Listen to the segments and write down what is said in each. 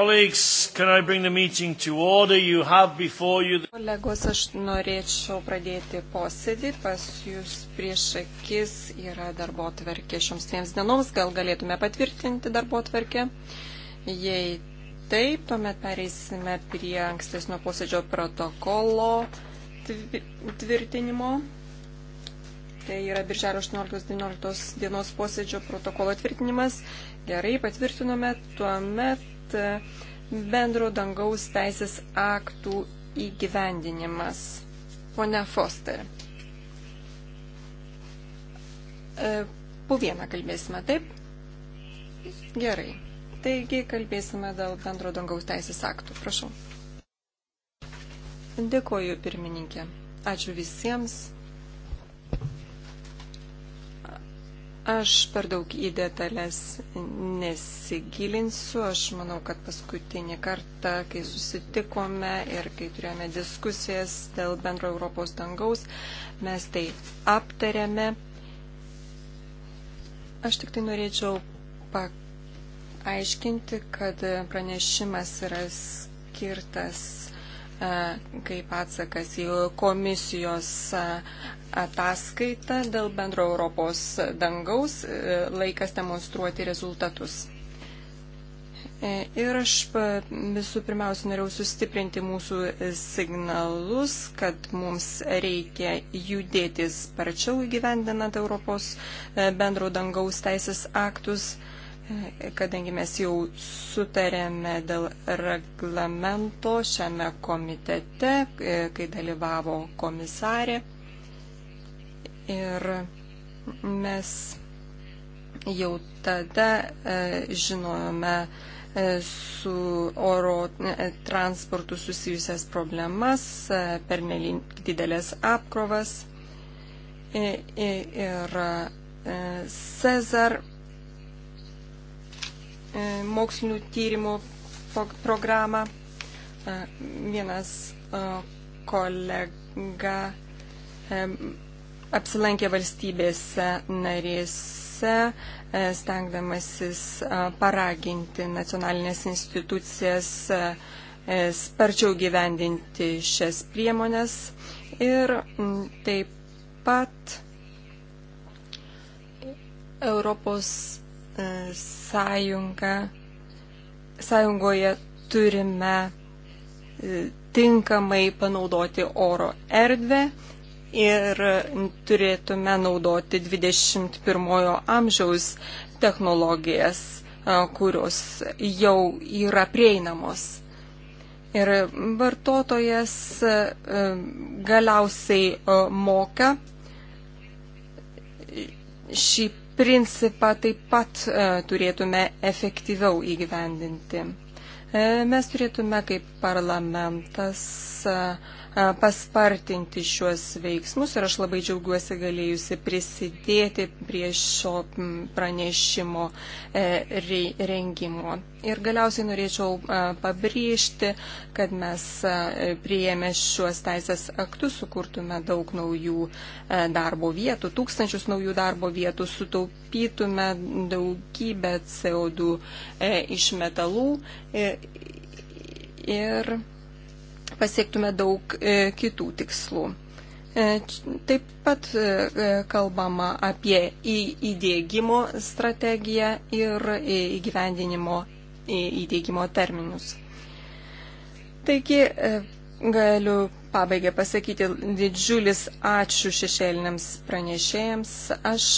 Colleagues, can I bring the meeting to order? You have before you. Kolegos, aš norėčiau pradėti posėdį. Pas jūs prieš akis yra darbo tvarkė šioms dviems dienoms. Gal galėtume patvirtinti darbo tvarkę? Jei taip, tuomet pereisime prie ankstesnio posėdžio protokolo tvirtinimo. Tai yra birželio 18-19 dienos posėdžio protokolo tvirtinimas. Gerai, patvirtinome tuomet pat e, bendro dangaus teisės aktų įgyvendinimas. Pone Foster. E, po vieną kalbėsime, taip? Gerai. Taigi kalbėsime dėl bendro dangaus teisės aktų. Prašau. Dėkoju, pirmininkė. Ačiū visiems Aš per daug į detalės nesigilinsiu. Aš manau, kad paskutinį kartą, kai susitikome ir kai turėjome diskusijas dėl bendro Europos dangaus, mes tai aptarėme. Aš tik tai norėčiau paaiškinti, kad pranešimas yra skirtas E, kaip atsakas į komisijos e, ataskaitą dėl bendro Europos dangaus e, laikas demonstruoti rezultatus. Ir aš visų pirmiausia norėjau sustiprinti mūsų signalus, kad mums reikia judėti sparčiau įgyvendinant Europos bendro dangaus teisės aktus kadangi mes jau sutarėme dėl reglamento šiame komitete, e, kai dalyvavo komisarė. Ir mes jau tada e, žinojome e, su oro transportu susijusias problemas, pernelyg didelės apkrovas ir Cezar E, mokslinių tyrimų programą. E, vienas e, kolega apsilankė valstybėse narėse, stengdamasis paraginti nacionalinės institucijas sparčiau gyvendinti šias priemonės ir taip pat Europos E, sąjunga, sąjungoje turime e, tinkamai panaudoti oro erdvę ir turėtume naudoti 21 amžiaus technologijas, e, kurios jau yra prieinamos. Ir vartotojas galiausiai moka šį principą taip pat e, turėtume efektyviau įgyvendinti. E, mes turėtume kaip parlamentas e, paspartinti šiuos veiksmus ir aš labai džiaugiuosi galėjusi prisidėti prie šio pranešimo e, rengimo. Ir galiausiai norėčiau pabrėžti, kad mes prieėmę šiuos teisės aktus sukurtume daug naujų e, darbo vietų, tūkstančius naujų darbo vietų, sutaupytume daugybę CO2 e, iš metalų. Ir, ir pasiektume daug e, kitų tikslų. E, taip pat e, kalbama apie įdėgymo strategiją ir įgyvendinimo įdėgymo terminus. Taigi galiu pabaigai pasakyti didžiulis ačiū šešėliniams pranešėjams. Aš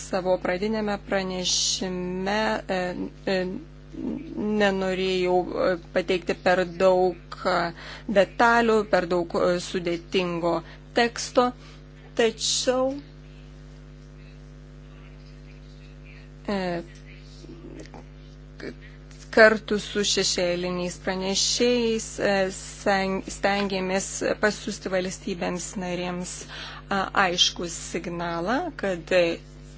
savo pradinėme pranešime nenorėjau e, pateikti per daug e, detalių, per daug e, sudėtingo teksto, tačiau kartu su šešėliniais pranešėjais stengiamės pasiūsti valstybėms narėms aiškus signalą, kad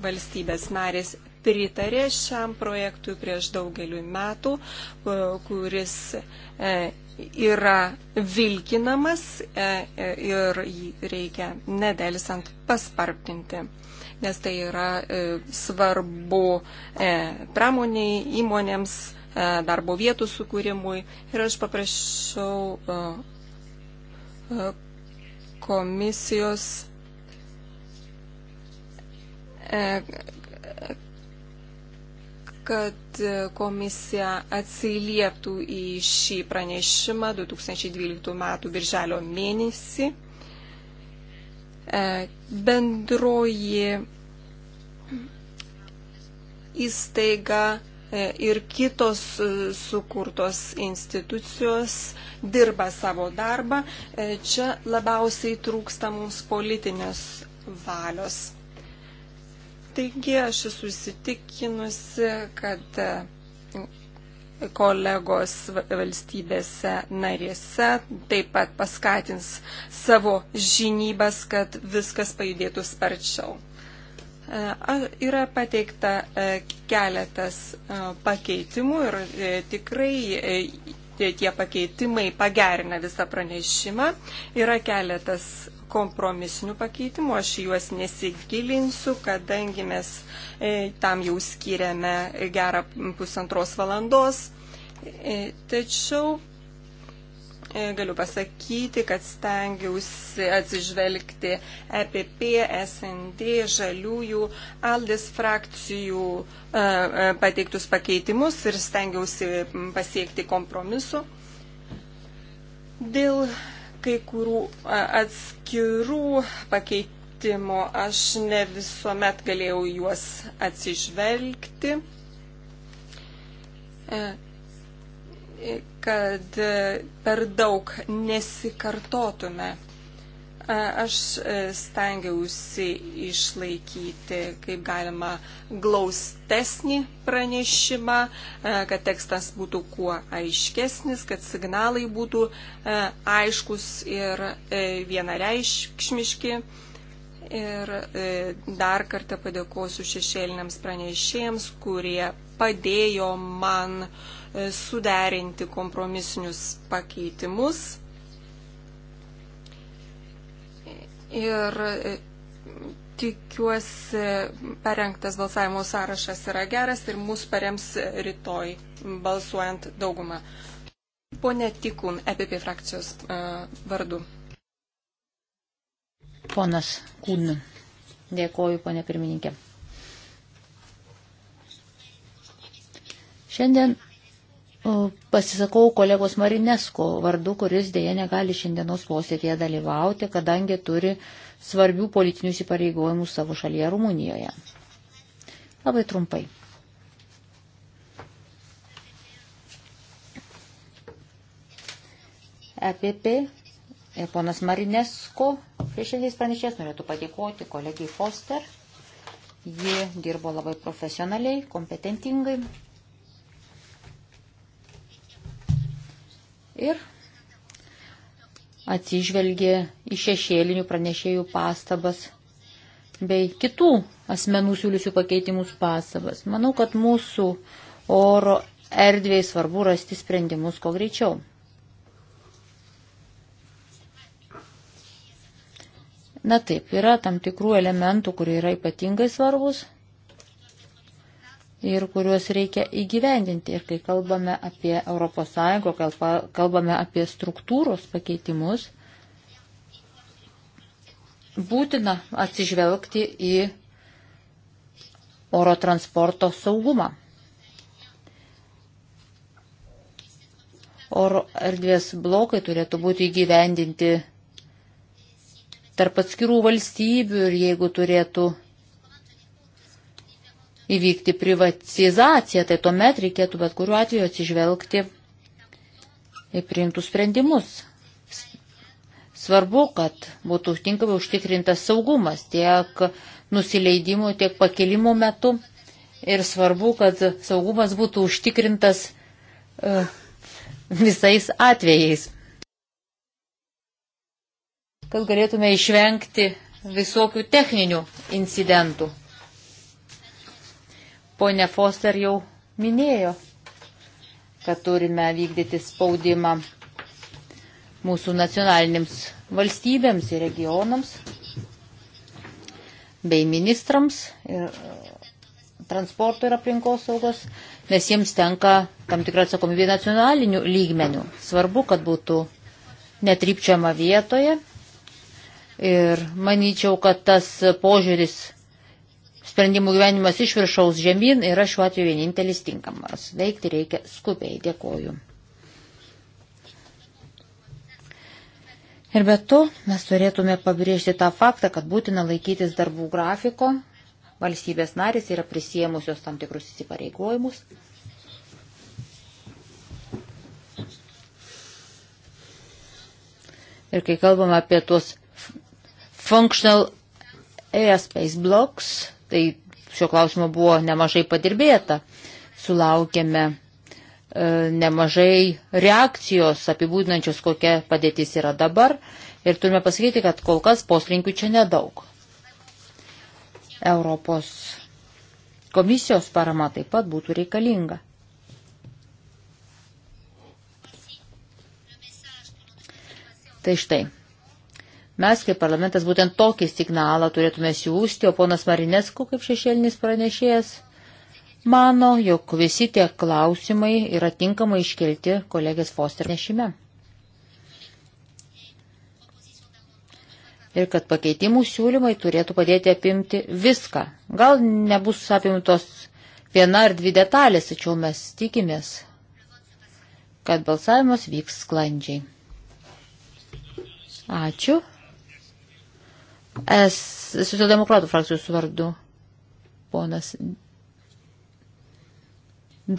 valstybės narės pritarė šiam projektui prieš daugelių metų, e, kuris e, yra vilkinamas e, ir jį reikia nedelsant paspartinti, nes tai yra svarbu pramoniai, įmonėms, darbo vietų sukūrimui. Ir aš paprašiau komisijos kad e, komisija atsilieptų į šį pranešimą 2012 m. birželio mėnesį. E, bendroji įstaiga e, ir kitos sukurtos institucijos dirba savo darbą. Čia labiausiai trūksta mums politinės valios Taigi aš esu įsitikinusi, kad e, kolegos valstybėse narėse taip pat paskatins savo žinybas, kad viskas pajudėtų sparčiau. E, yra pateikta e, keletas pakeitimų ir tikrai tie pakeitimai pagerina visą pranešimą. Yra keletas kompromisinių pakeitimų, aš juos nesigilinsiu, kadangi mes e, tam jau skiriame gerą pusantros valandos. E, tačiau e, galiu pasakyti, kad stengiausi atsižvelgti EPP, SND, žaliųjų, aldės frakcijų e, e, pateiktus pakeitimus ir stengiausi pasiekti kompromisu. Dėl kai kurių atskirų pakeitimų aš ne visuomet galėjau juos atsižvelgti, e, kad e, per daug nesikartotume Aš e, stengiausi išlaikyti kaip galima glaustesnį pranešimą, e, kad tekstas būtų kuo aiškesnis, kad signalai būtų e, aiškus ir vienareiškšmiški. Ir dar kartą padėkosiu šešėliniams pranešėjams, kurie padėjo man suderinti kompromisinius pakeitimus ir e, tikiuosi parengtas balsavimo sąrašas yra geras ir mūsų parems rytoj balsuojant daugumą. Pone Tikun, EPP frakcijos e, vardu. Ponas Kūn, dėkoju, ponė pirmininkė. Šiandien Pasisakau kolegos Marinesko vardu, kuris dėja negali šiandienos posėdėje dalyvauti, kadangi turi svarbių politinių įsipareigojimų savo šalyje Rumunijoje. Labai trumpai. EPP ir e, ponas Marinesko šešėlis pranešės norėtų padėkoti kolegijai Foster. Ji dirbo labai profesionaliai, kompetentingai. ir atsižvelgė į šešėlinių pranešėjų pastabas bei kitų asmenų siūliusių pakeitimus pastabas. Manau, kad mūsų oro erdvėj svarbu rasti sprendimus kuo greičiau. Na taip, yra tam tikrų elementų, kurie yra ypatingai svarbus ir kuriuos reikia įgyvendinti. Ir kai kalbame apie ES, kalbame apie struktūros pakeitimus, būtina atsižvelgti į oro transporto saugumą. Oro erdvės blokai turėtų būti įgyvendinti tarp atskirų valstybių ir jeigu turėtų įvykti privatizacija, tai tuomet reikėtų bet kuriuo atveju atsižvelgti į priimtus sprendimus. Svarbu, kad būtų tinkamai užtikrintas saugumas tiek nusileidimų, tiek pakelimų metu. Ir svarbu, kad saugumas būtų užtikrintas uh, visais atvejais. Kad galėtume išvengti visokių techninių incidentų. Pone Foster jau minėjo, kad turime vykdyti spaudimą mūsų nacionalinėms valstybėms ir regionams bei ministrams ir e, transporto ir aplinkos saugos, nes jiems tenka tam tikra atsakomybė nacionalinių lygmenių. Svarbu, kad būtų netrypčiama vietoje ir manyčiau, kad tas požiūris sprendimų gyvenimas iš viršaus žemyn yra šiuo atveju vienintelis tinkamas. Veikti reikia skubiai. Dėkoju. Ir be to mes turėtume pabrėžti tą faktą, kad būtina laikytis darbų grafiko. Valstybės narės yra prisėmusios tam tikrus įsipareigojimus. Ir kai kalbame apie tuos functional airspace blocks, Tai šio klausimo buvo nemažai padirbėta. Sulaukėme e, nemažai reakcijos apibūdinančios, kokia padėtis yra dabar. Ir turime pasakyti, kad kol kas poslinkių čia nedaug. Europos komisijos parama taip pat būtų reikalinga. Tai štai, Mes kaip parlamentas būtent tokį signalą turėtume siūsti, o ponas Marinesko kaip šešėlinis pranešėjas mano, jog visi tie klausimai yra tinkamai iškelti kolegės Foster nešime. Ir kad pakeitimų siūlymai turėtų padėti apimti viską. Gal nebus apimtos viena ar dvi detalės, tačiau mes tikimės, kad balsavimas vyks sklandžiai. Ačiū. Es socialdemokratų frakcijos vardu ponas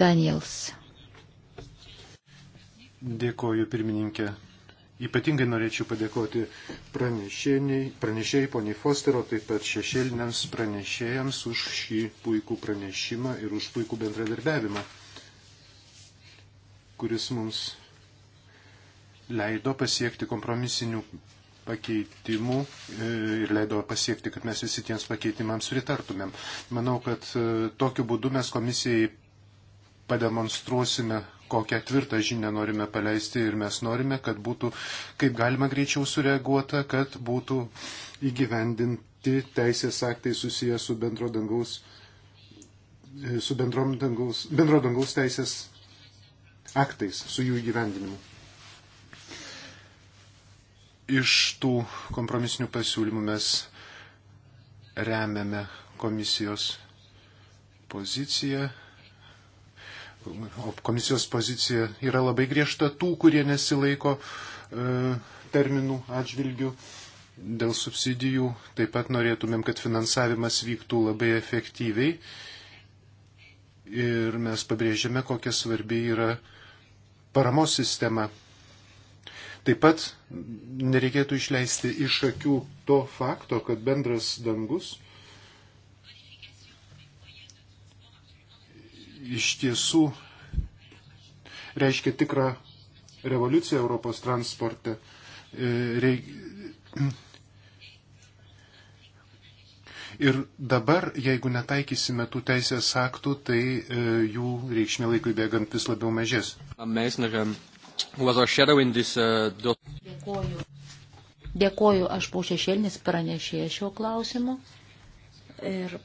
Daniels. Dėkoju pirmininkė. Ypatingai norėčiau padėkoti pranešėjai, poniai Fostero, taip pat šešėliniams pranešėjams už šį puikų pranešimą ir už puikų bendradarbiavimą, kuris mums leido pasiekti kompromisinių pakeitimų e, ir leido pasiekti, kad mes visi tiems pakeitimams pritartumėm. Manau, kad e, tokiu būdu mes komisijai pademonstruosime, kokią tvirtą žinią norime paleisti ir mes norime, kad būtų kaip galima greičiau sureaguota, kad būtų įgyvendinti teisės aktai susijęs su bendro dangaus, e, su dangaus, bendro dangaus teisės aktais, su jų įgyvendinimu iš tų kompromisinių pasiūlymų mes remiame komisijos poziciją. O komisijos pozicija yra labai griežta tų, kurie nesilaiko e, terminų atžvilgių dėl subsidijų. Taip pat norėtumėm, kad finansavimas vyktų labai efektyviai. Ir mes pabrėžiame, kokia svarbi yra paramos sistema Taip pat nereikėtų išleisti iš akių to fakto, kad bendras dangus iš tiesų reiškia tikrą revoliuciją Europos transporte. E, reik... Ir dabar, jeigu netaikysime tų teisės aktų, tai e, jų reikšmė laikui bėgant vis labiau mažės. Amesneriam. This, uh, Dėkoju. Dėkoju, aš buvau šešėlinis pranešėjęs šio klausimu. Ir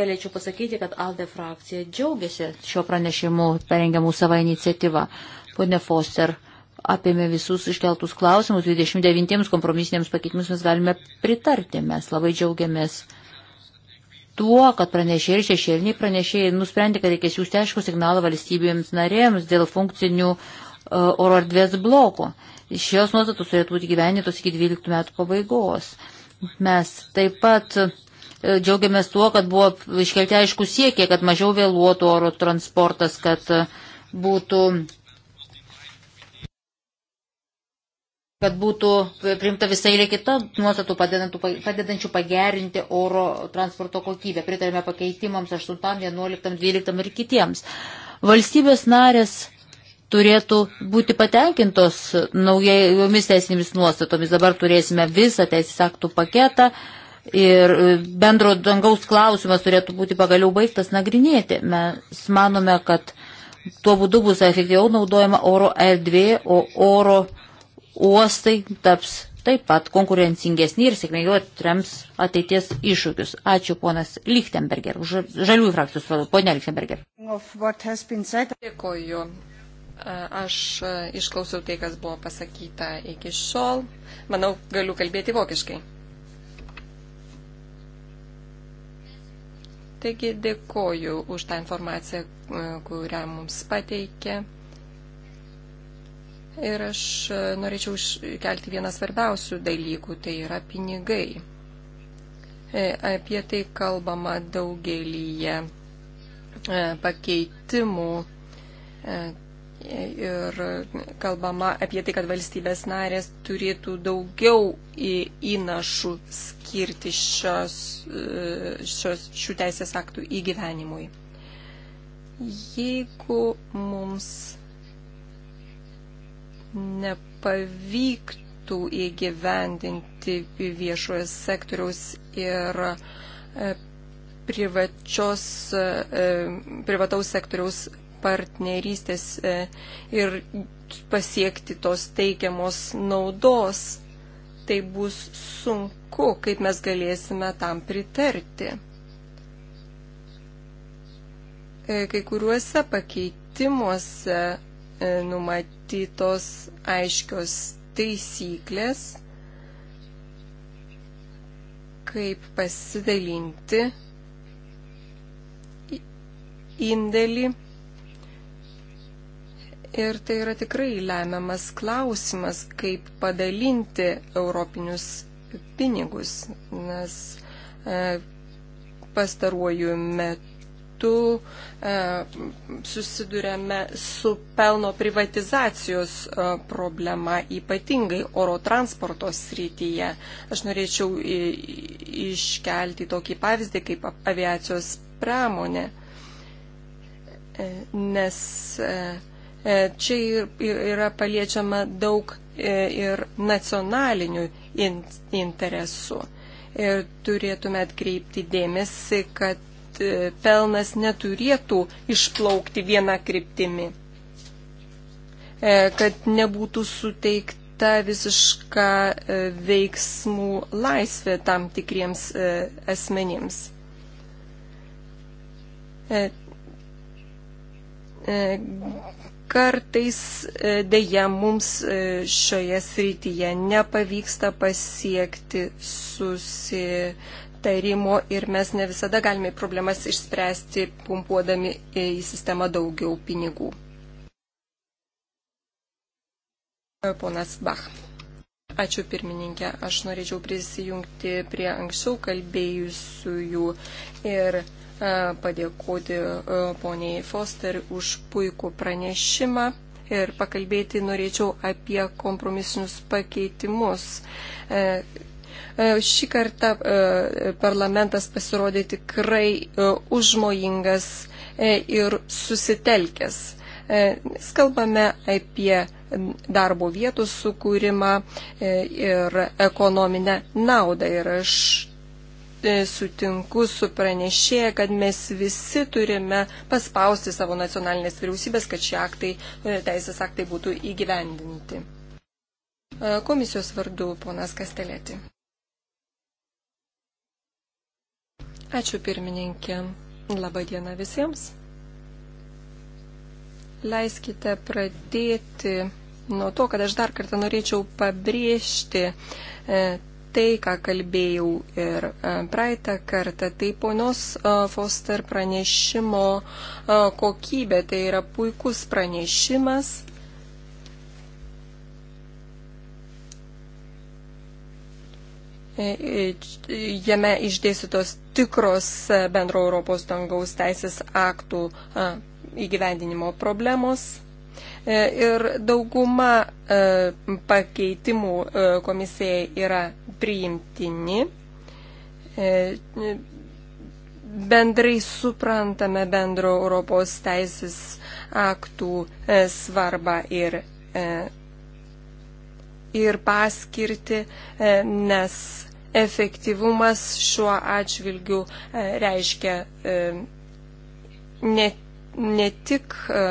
galėčiau pasakyti, kad ALDE frakcija džiaugiasi šio pranešimu parengiamų savo iniciatyvą. Pone Foster apėmė visus iškeltus klausimus, 29 kompromisiniams pakeitimus mes galime pritarti. Mes labai džiaugiamės uh, tuo, kad pranešėjai ir šešėliniai pranešėjai nusprendė, kad reikės siūsti aišku signalą valstybėms narėms dėl funkcinių e, oro erdvės blokų. Šios nuostatos turėtų būti gyvenintos iki 12 metų pabaigos. Mes taip pat e, džiaugiamės tuo, kad buvo iškelti aišku siekiai, kad mažiau vėluotų oro transportas, kad e, būtų kad būtų priimta visai ir kita nuostatų padedančių pagerinti oro transporto kokybę. Pritarėme pakeitimams 8, 11, 12 ir kitiems. Valstybės narės turėtų būti patenkintos naujomis teisinėmis nuostatomis. Dabar turėsime visą teisės aktų paketą ir bendro dangaus klausimas turėtų būti pagaliau baigtas nagrinėti. Mes manome, kad tuo būdu bus efektyviau naudojama oro erdvė, o oro uostai taps taip pat konkurencingesni ir sėkmingiau atrems ateities iššūkius. Ačiū ponas Lichtenberger, žaliųjų frakcijos vadovas. Pone Lichtenberger. Dėkoju. Aš išklausiau tai, kas buvo pasakyta iki šiol. Manau, galiu kalbėti vokiškai. Taigi dėkoju už tą informaciją, kurią mums pateikė. Ir aš e, norėčiau iškelti vieną svarbiausių dalykų, tai yra pinigai. E, apie tai kalbama daugelyje e, pakeitimų ir kalbama apie tai, kad valstybės narės turėtų daugiau įnašų skirti šios, šios, šių teisės aktų įgyvenimui. Jeigu mums nepavyktų įgyvendinti viešojo sektoriaus ir e, privačios, e, e, privataus sektoriaus partnerystės ir pasiekti tos teikiamos naudos, tai bus sunku, kaip mes galėsime tam pritarti. Kai kuriuose pakeitimuose numatyti numatytos aiškios taisyklės, kaip pasidalinti indėlį. Ir tai yra tikrai lemiamas klausimas, kaip padalinti europinius pinigus, nes e, pastaruoju metu metu e, susidurėme su pelno privatizacijos e, problema, ypatingai oro transporto srityje. Aš norėčiau iškelti tokį pavyzdį kaip aviacijos pramonė, e, nes čia yra paliečiama daug ir nacionalinių interesų ir turėtume atkreipti dėmesį, kad kad e, pelnas neturėtų išplaukti vieną kryptimį, e, kad nebūtų suteikta visiška e, veiksmų laisvė tam tikriems asmenims. Kartais dėja mums šioje srityje nepavyksta pasiekti susitikimą sutarimo ir mes ne visada galime problemas išspręsti pumpuodami e, į sistemą daugiau pinigų. E, ponas Bach. Ačiū pirmininkė, aš norėčiau prisijungti prie anksčiau kalbėjusiųjų ir e, padėkoti poniai Foster už puikų pranešimą ir pakalbėti norėčiau apie kompromisinius pakeitimus. E, šį kartą e, parlamentas pasirodė tikrai e, užmojingas ir susitelkęs. Mes kalbame apie darbo vietų sukūrimą ir ekonominę naudą. Ir aš sutinku su pranešėja, kad mes visi turime paspausti savo nacionalinės vyriausybės, kad šie aktai, teisės aktai būtų įgyvendinti. Komisijos vardu ponas Kastelėti. Ačiū pirmininkė. Labą dieną visiems. Leiskite pradėti nuo to, kad aš dar kartą norėčiau pabrėžti e, tai, ką kalbėjau ir e, praeitą kartą, tai ponios e, Foster pranešimo e, kokybė, tai yra puikus pranešimas, jame išdėstytos tikros bendro Europos dangaus teisės aktų įgyvendinimo problemos. E, ir dauguma e, pakeitimų e, komisijai yra priimtini. Bendrai suprantame bendro Europos teisės aktų svarbą ir ir paskirti, nes efektyvumas šiuo atžvilgiu e, reiškia e, ne, ne tik e,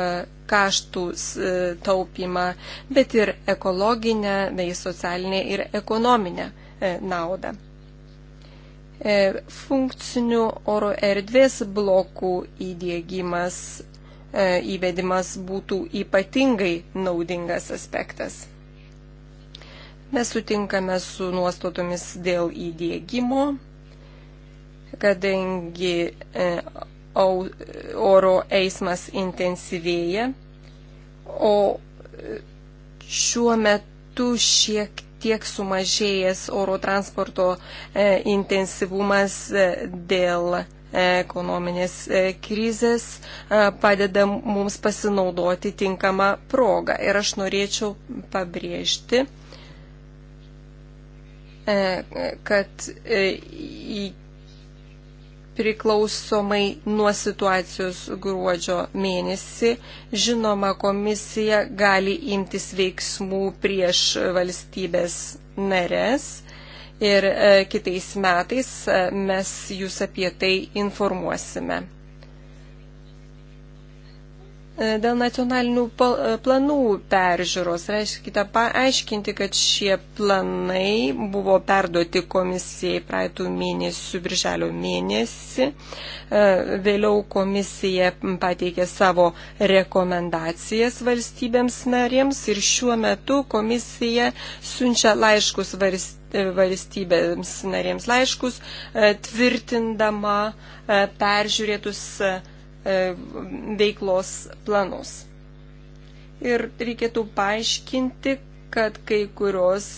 kaštų taupimą, bet ir ekologinę, bei socialinę ir ekonominę naudą. Funkcinių oro erdvės blokų įdėgymas, įvedimas būtų ypatingai naudingas aspektas. Mes sutinkame su nuostatomis dėl įdėgymo, kadangi e, oro eismas intensyvėja, o e, šiuo metu šiek tiek sumažėjęs oro transporto e, intensyvumas dėl ekonominės krizės padeda mums pasinaudoti tinkamą progą. Ir aš norėčiau pabrėžti, E, kad e, priklausomai nuo situacijos gruodžio mėnesį, žinoma, komisija gali imtis veiksmų prieš valstybės nares ir e, kitais metais mes jūs apie tai informuosime. E, dėl nacionalinių e, planų peržiūros, reiškite, paaiškinti, kad šie planai buvo perduoti komisijai praeitų mėnesių, birželio mėnesį. E, vėliau komisija pateikė savo rekomendacijas valstybėms narėms ir šiuo metu komisija siunčia laiškus valstybėms narėms laiškus, tvirtindama peržiūrėtus E, veiklos planus. Ir reikėtų paaiškinti, kad kai kurios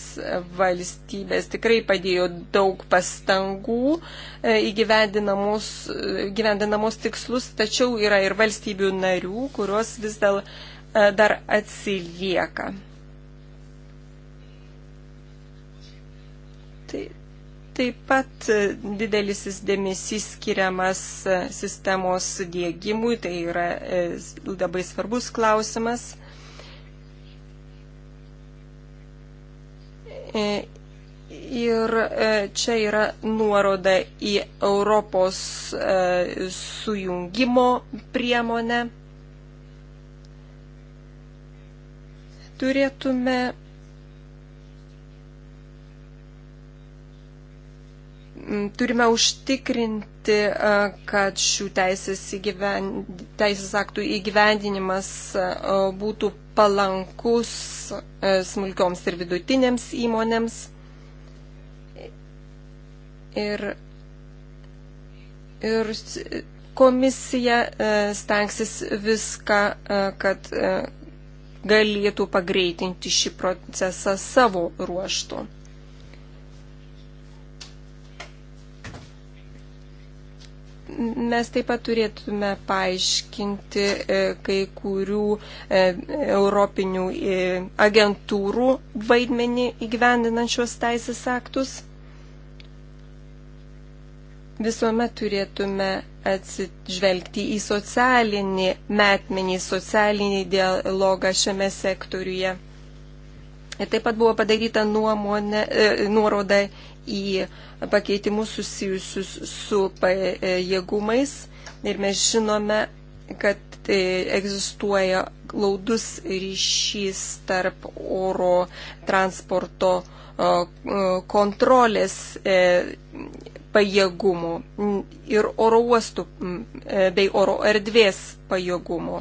valstybės tikrai padėjo daug pastangų e, e, įgyvendinamos tikslus, tačiau yra ir valstybių narių, kurios vis dėl dar atsilieka. Tai Taip pat e, didelis dėmesys skiriamas e, sistemos dėgymui, tai yra e, labai svarbus klausimas. Ir čia yra nuoroda į Europos sujungimo priemonę. Turėtume Mm, turime užtikrinti, kad šių teisės, įgyven, teisės aktų įgyvendinimas būtų palankus smulkioms ir vidutinėms įmonėms. Ir, ir komisija stengsis viską, kad galėtų pagreitinti šį procesą savo ruoštų. mes taip pat turėtume paaiškinti e, kai kurių e, europinių e, agentūrų vaidmenį įgyvendinančios teisės aktus. Visuomet turėtume atsižvelgti į socialinį metmenį, socialinį dialogą šiame sektoriuje. Ir taip pat buvo padaryta nuomonė, nuoroda į pakeitimus susijusius su pajėgumais ir mes žinome, kad e, egzistuoja glaudus ryšys tarp oro transporto e, kontrolės e, pajėgumų ir oro uostų bei oro erdvės pajėgumų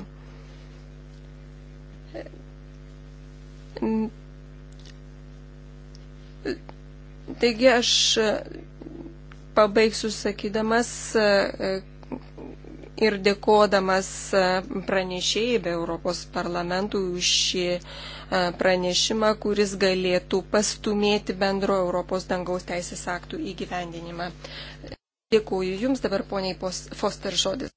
Taigi aš e, pabaigsiu sakydamas e, e, ir dėkodamas pranešėjai be Europos parlamentų už šį pranešimą, kuris galėtų pastumėti bendro Europos dangaus teisės aktų įgyvendinimą. Dėkuoju Jums dabar, poniai Foster, žodis.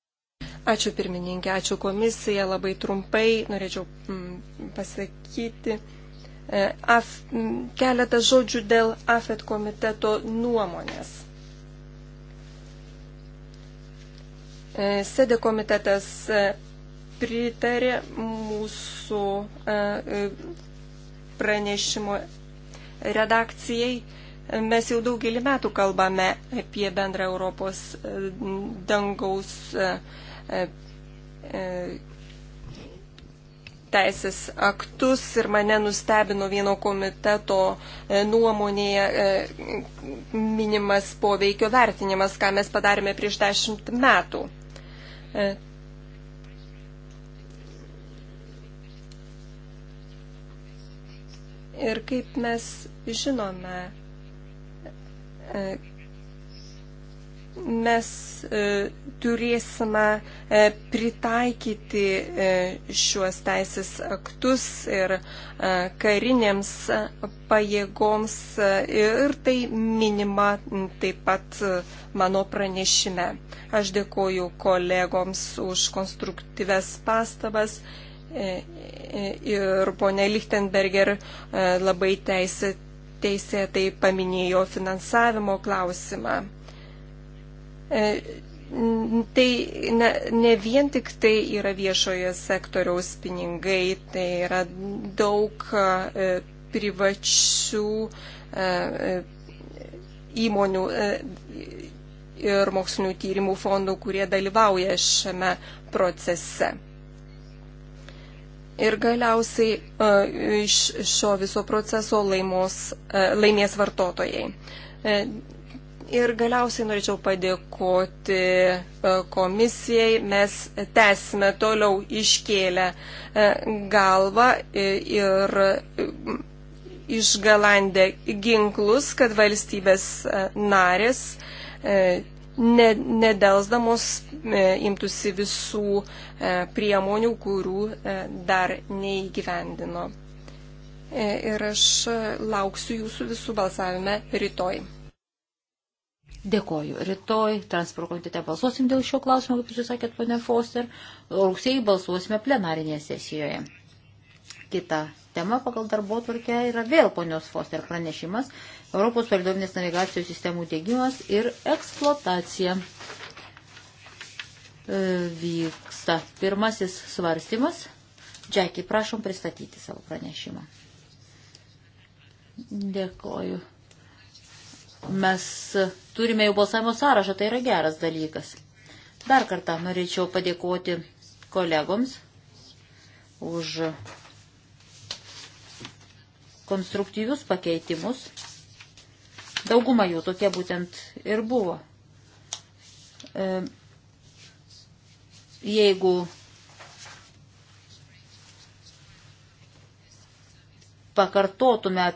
Ačiū pirmininkė, ačiū komisija, labai trumpai norėčiau mm, pasakyti E, af, keletą žodžių dėl AFET komiteto nuomonės. E, Sėdė komitetas e, pritarė mūsų pranešimo redakcijai. Mes jau daugelį metų kalbame apie bendrą Europos dangaus teisės aktus ir mane nustebino vieno komiteto e, nuomonėje minimas poveikio vertinimas, ką mes padarėme prieš dešimt metų. E, ir kaip mes žinome, e, mes turėsime e, pritaikyti e, šiuos teisės aktus ir e, karinėms pajėgoms ir tai minima taip pat mano pranešime. Aš dėkoju kolegoms už konstruktyves pastabas ir ponė Lichtenberger labai teisė, teisė tai paminėjo finansavimo klausimą Tai ne, ne vien tik tai yra viešojo sektoriaus pinigai, tai yra daug e, privačių e, e, įmonių ir mokslinių tyrimų fondų, kurie dalyvauja šiame procese. Ir galiausiai iš šio viso proceso laimos, laimės vartotojai. Ir galiausiai norėčiau padėkoti e, komisijai. Mes tęsime toliau iškėlę e, galvą e, ir išgalandę ginklus, kad valstybės narės nedelsdamos imtųsi visų priemonių, kurių dar neįgyvendino. Ir aš lauksiu jūsų visų balsavime rytoj. Dėkoju. Rytoj transporto komitete balsuosim dėl šio klausimo, kaip jūs sakėt, ponė Foster. Rugsėjai balsuosime plenarinėje sesijoje. Kita tema pagal darbo tvarkę yra vėl ponios Foster pranešimas Europos palidovinės navigacijos sistemų dėgymas ir eksploatacija. E, vyksta pirmasis svarstymas. Džekį, prašom pristatyti savo pranešimą. Dėkoju. Mes turime jau balsavimo sąrašą, tai yra geras dalykas. Dar kartą norėčiau padėkoti kolegoms už konstruktyvius pakeitimus. Dauguma jų tokie būtent ir buvo. Ehm, jeigu pakartotume,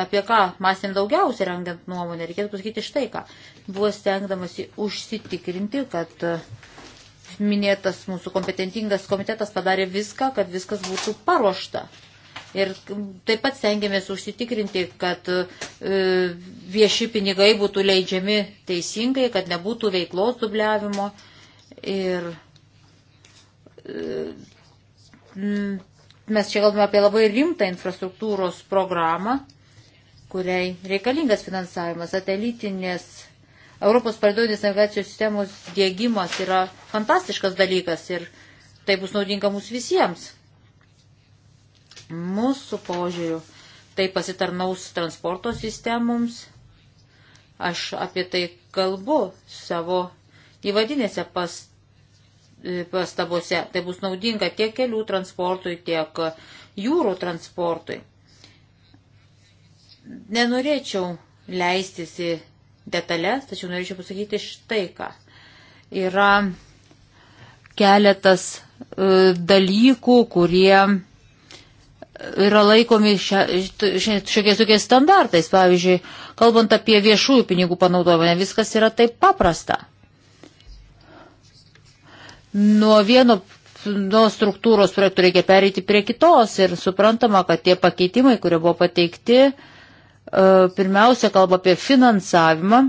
apie ką mąstėm daugiausiai rengiant nuomonę, reikėtų pasakyti štai ką. Buvo stengdamasi užsitikrinti, kad e, minėtas mūsų kompetentingas komitetas padarė viską, kad viskas būtų paruošta. Ir taip pat stengiamės užsitikrinti, kad e, vieši pinigai būtų leidžiami teisingai, kad nebūtų veiklos dubliavimo. Ir e, mes čia kalbame apie labai rimtą infrastruktūros programą, kuriai reikalingas finansavimas. Satelitinės Europos palidovės navigacijos sistemos dėgymas yra fantastiškas dalykas ir tai bus naudinga mums visiems. Mūsų požiūriu tai pasitarnaus transporto sistemoms. Aš apie tai kalbu savo įvadinėse pastatymuose pastabose. Tai bus naudinga tiek kelių transportui, tiek jūrų transportui. Nenorėčiau leistis į detalės, tačiau norėčiau pasakyti štai ką. Yra keletas e, dalykų, kurie yra laikomi šiokiais tokiais standartais. Pavyzdžiui, kalbant apie viešųjų pinigų panaudojimą, viskas yra taip paprasta nuo vieno nuo struktūros projektų reikia pereiti prie kitos ir suprantama, kad tie pakeitimai, kurie buvo pateikti, e, pirmiausia kalba apie finansavimą,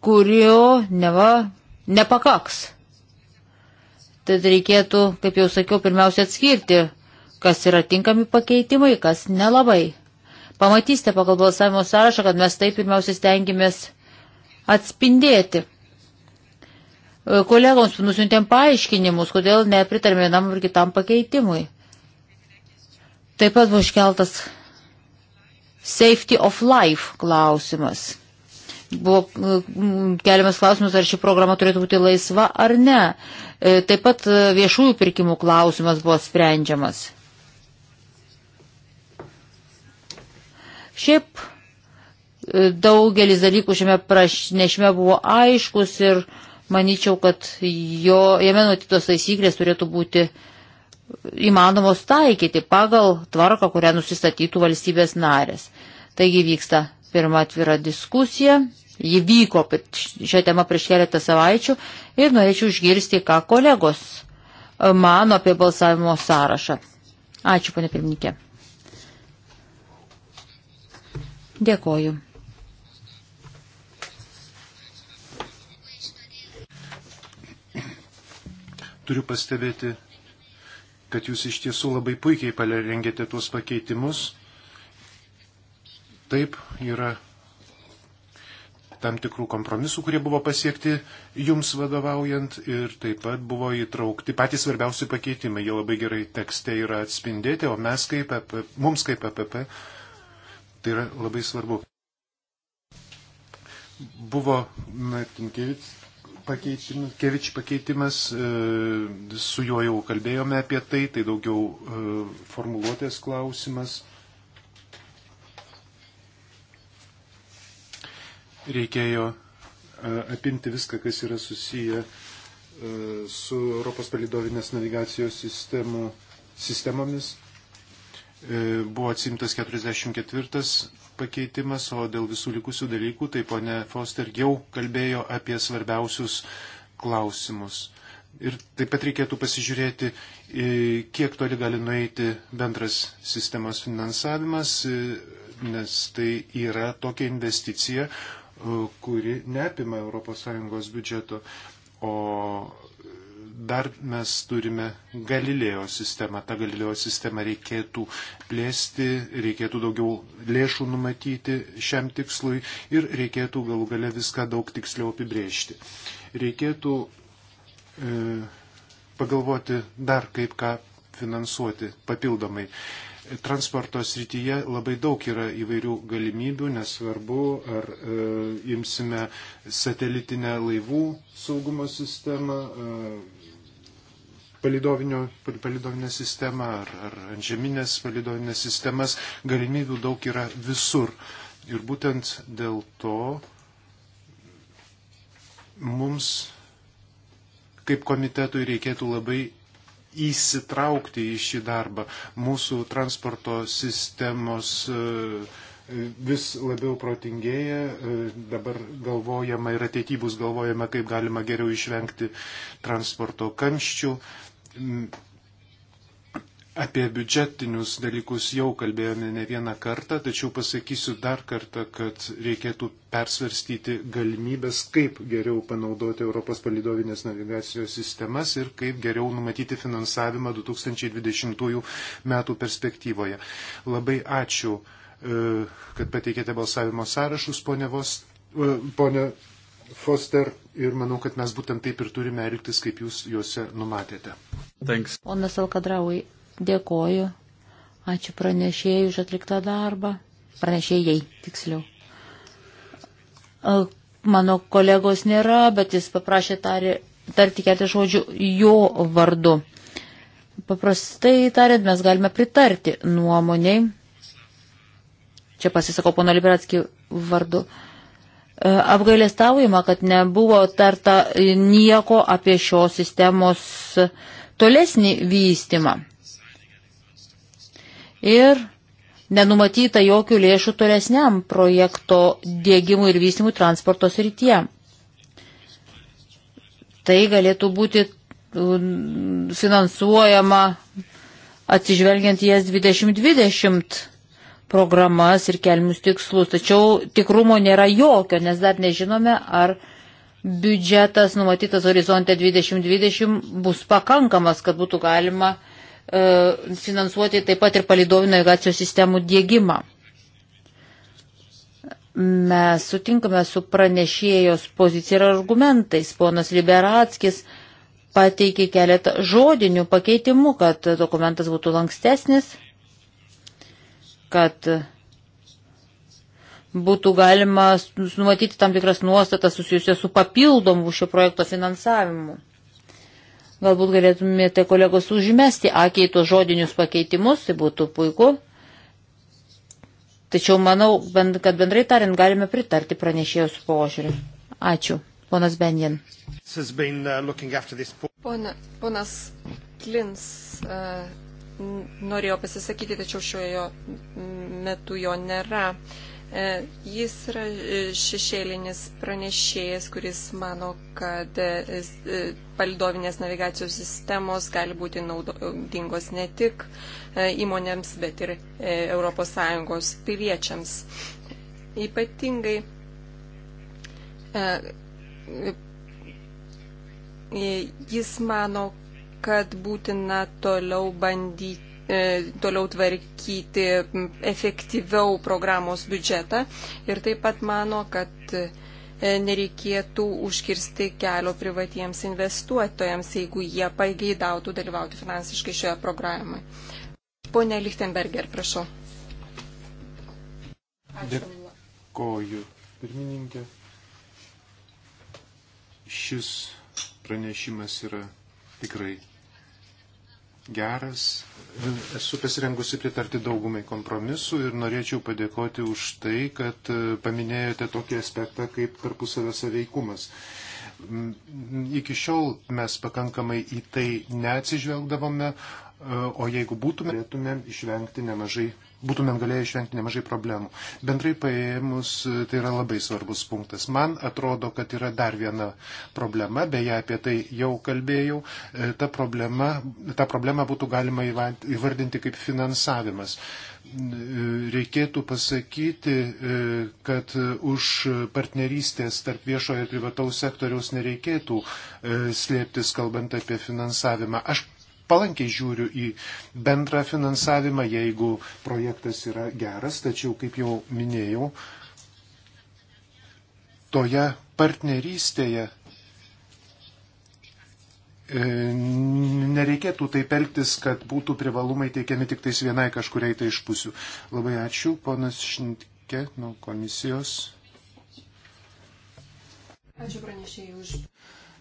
kurio neva nepakaks. Tad reikėtų, kaip jau sakiau, pirmiausia atskirti, kas yra tinkami pakeitimai, kas nelabai. Pamatysite pagal balsavimo sąrašą, kad mes taip pirmiausia stengiamės atspindėti E, kolegoms nusintėm paaiškinimus, kodėl nepritarėme vienam ir kitam pakeitimui. Taip pat buvo iškeltas safety of life klausimas. Buvo e, keliamas klausimas, ar ši programa turėtų būti laisva ar ne. E, taip pat viešųjų pirkimų klausimas buvo sprendžiamas. Šiaip daugelis dalykų šiame pranešime buvo aiškus ir uh, manyčiau, kad jo, jame nutytos taisyklės turėtų būti įmanomos taikyti pagal tvarką, kurią nusistatytų valstybės narės. Taigi vyksta pirma atvira diskusija, ji vyko šią temą prieš keletą savaičių ir norėčiau išgirsti, ką kolegos e, mano apie balsavimo sąrašą. Ačiū, ponė pirmininkė. Dėkoju. turiu pastebėti, kad jūs iš tiesų labai puikiai parengėte tuos pakeitimus. Taip, yra tam tikrų kompromisų, kurie buvo pasiekti jums vadovaujant ir taip pat buvo įtraukti patys svarbiausi pakeitimai. Jie labai gerai tekste yra atspindėti, o mes kaip APP, e mums kaip APP e tai yra labai svarbu. Buvo Martinkievičius pakeitimas, Kevič pakeitimas, e, su juo jau kalbėjome apie tai, tai daugiau e, formuluotės klausimas. Reikėjo e, apimti viską, kas yra susiję su Europos palidovinės navigacijos sistemų, sistemomis. Buvo atsimtas 44 pakeitimas, o dėl visų likusių dalykų, tai ponė Foster jau kalbėjo apie svarbiausius klausimus. Ir taip pat reikėtų pasižiūrėti, kiek toli gali nueiti bendras sistemos finansavimas, nes tai yra tokia investicija, kuri neapima ES biudžeto, o Dar mes turime Galilėjo sistemą. Ta Galilėjo sistema reikėtų plėsti, reikėtų daugiau lėšų numatyti šiam tikslui ir reikėtų galų gale viską daug tiksliau apibrėžti. Reikėtų e, pagalvoti dar kaip ką finansuoti papildomai transporto srityje labai daug yra įvairių galimybių, nesvarbu, ar e, imsime satelitinę laivų saugumo sistemą, e, palidovinę sistemą ar, ar antžeminės palidovinės sistemas, galimybių daug yra visur. Ir būtent dėl to mums kaip komitetui reikėtų labai įsitraukti į šį darbą. Mūsų transporto sistemos e, vis labiau protingėja, e, dabar galvojama ir ateity bus galvojama, kaip galima geriau išvengti transporto kamščių. Mm. Apie biudžetinius dalykus jau kalbėjome ne vieną kartą, tačiau pasakysiu dar kartą, kad reikėtų persvarstyti galimybės, kaip geriau panaudoti Europos palidovinės navigacijos sistemas ir kaip geriau numatyti finansavimą 2020 metų perspektyvoje. Labai ačiū, e, kad pateikėte balsavimo sąrašus, ponė, vos, e, ponė Foster ir manau, kad mes būtent taip ir turime elgtis, kaip jūs juose numatėte. Thanks. Ponas Alkadraui, dėkoju. Ačiū pranešėjai už atliktą darbą. Pranešėjai, tiksliau. Mano kolegos nėra, bet jis paprašė tarė, tarti keletą žodžių jo vardu. Paprastai tariant, mes galime pritarti nuomoniai. Čia pasisakau pono Liberatskį vardu. Uh, E, Apgailėstaujama, kad nebuvo tarta nieko apie šios sistemos tolesnį vystimą. Ir nenumatyta jokių lėšų tolesniam projekto dėgymui ir vystimui transporto srityje. Tai galėtų būti mm, finansuojama atsižvelgiant į S2020 programas ir kelmius tikslus. Tačiau tikrumo nėra jokio, nes dar nežinome, ar biudžetas numatytas horizonte 2020 bus pakankamas, kad būtų galima e, finansuoti taip pat ir palidovų navigacijos sistemų dėgymą. Mes sutinkame su pranešėjos pozicija ir argumentais. Ponas Liberatskis pateikė keletą žodinių pakeitimų, kad dokumentas būtų lankstesnis kad būtų galima numatyti tam tikras nuostatas susijusias su papildomu šio projekto finansavimu. Galbūt galėtumėte kolegos užmesti akį į tos žodinius pakeitimus, tai būtų puiku. Tačiau manau, kad bendrai tariant, galime pritarti pranešėjus požiūrį. Ačiū. Ponas Benjen. Uh, Pona, ponas Klins uh, norėjo pasisakyti, tačiau šiojo metu jo nėra. E, jis yra e, šešėlinis pranešėjas, kuris mano, kad e, palidovinės navigacijos sistemos gali būti naudingos ne tik įmonėms, bet ir ES piliečiams. Ypatingai jis mano, kad būtina toliau bandyti e, toliau tvarkyti efektyviau programos biudžetą ir taip pat mano, kad e, nereikėtų užkirsti kelio privatiems investuotojams, jeigu jie pageidautų dalyvauti finansiškai šioje programoje. Pone Lichtenberger, prašau. Dėkoju, pirmininkė. Šis pranešimas yra tikrai geras. Esu pasirengusi pritarti daugumai kompromisų ir norėčiau padėkoti už tai, kad e, paminėjote tokį aspektą kaip tarpusavio saveikumas. Iki šiol mes pakankamai į tai neatsižvelgdavome, e, o jeigu būtume, galėtume išvengti nemažai būtumėm galėję išvengti nemažai problemų. Bendrai paėmus, tai yra labai svarbus punktas. Man atrodo, kad yra dar viena problema, beje, apie tai jau kalbėjau. E, ta problema, ta problema būtų galima įvardinti kaip finansavimas. E, reikėtų pasakyti, e, kad už partnerystės tarp viešojo ir privataus sektoriaus nereikėtų slėptis, kalbant apie finansavimą. Aš palankiai žiūriu į bendrą finansavimą, jeigu projektas yra geras, tačiau, kaip jau minėjau, toje partnerystėje e, nereikėtų taip elgtis, kad būtų privalumai teikiami tik tais vienai kažkuriai tai iš pusių. Labai ačiū, ponas Šintke, nuo komisijos. Ačiū pranešėjai už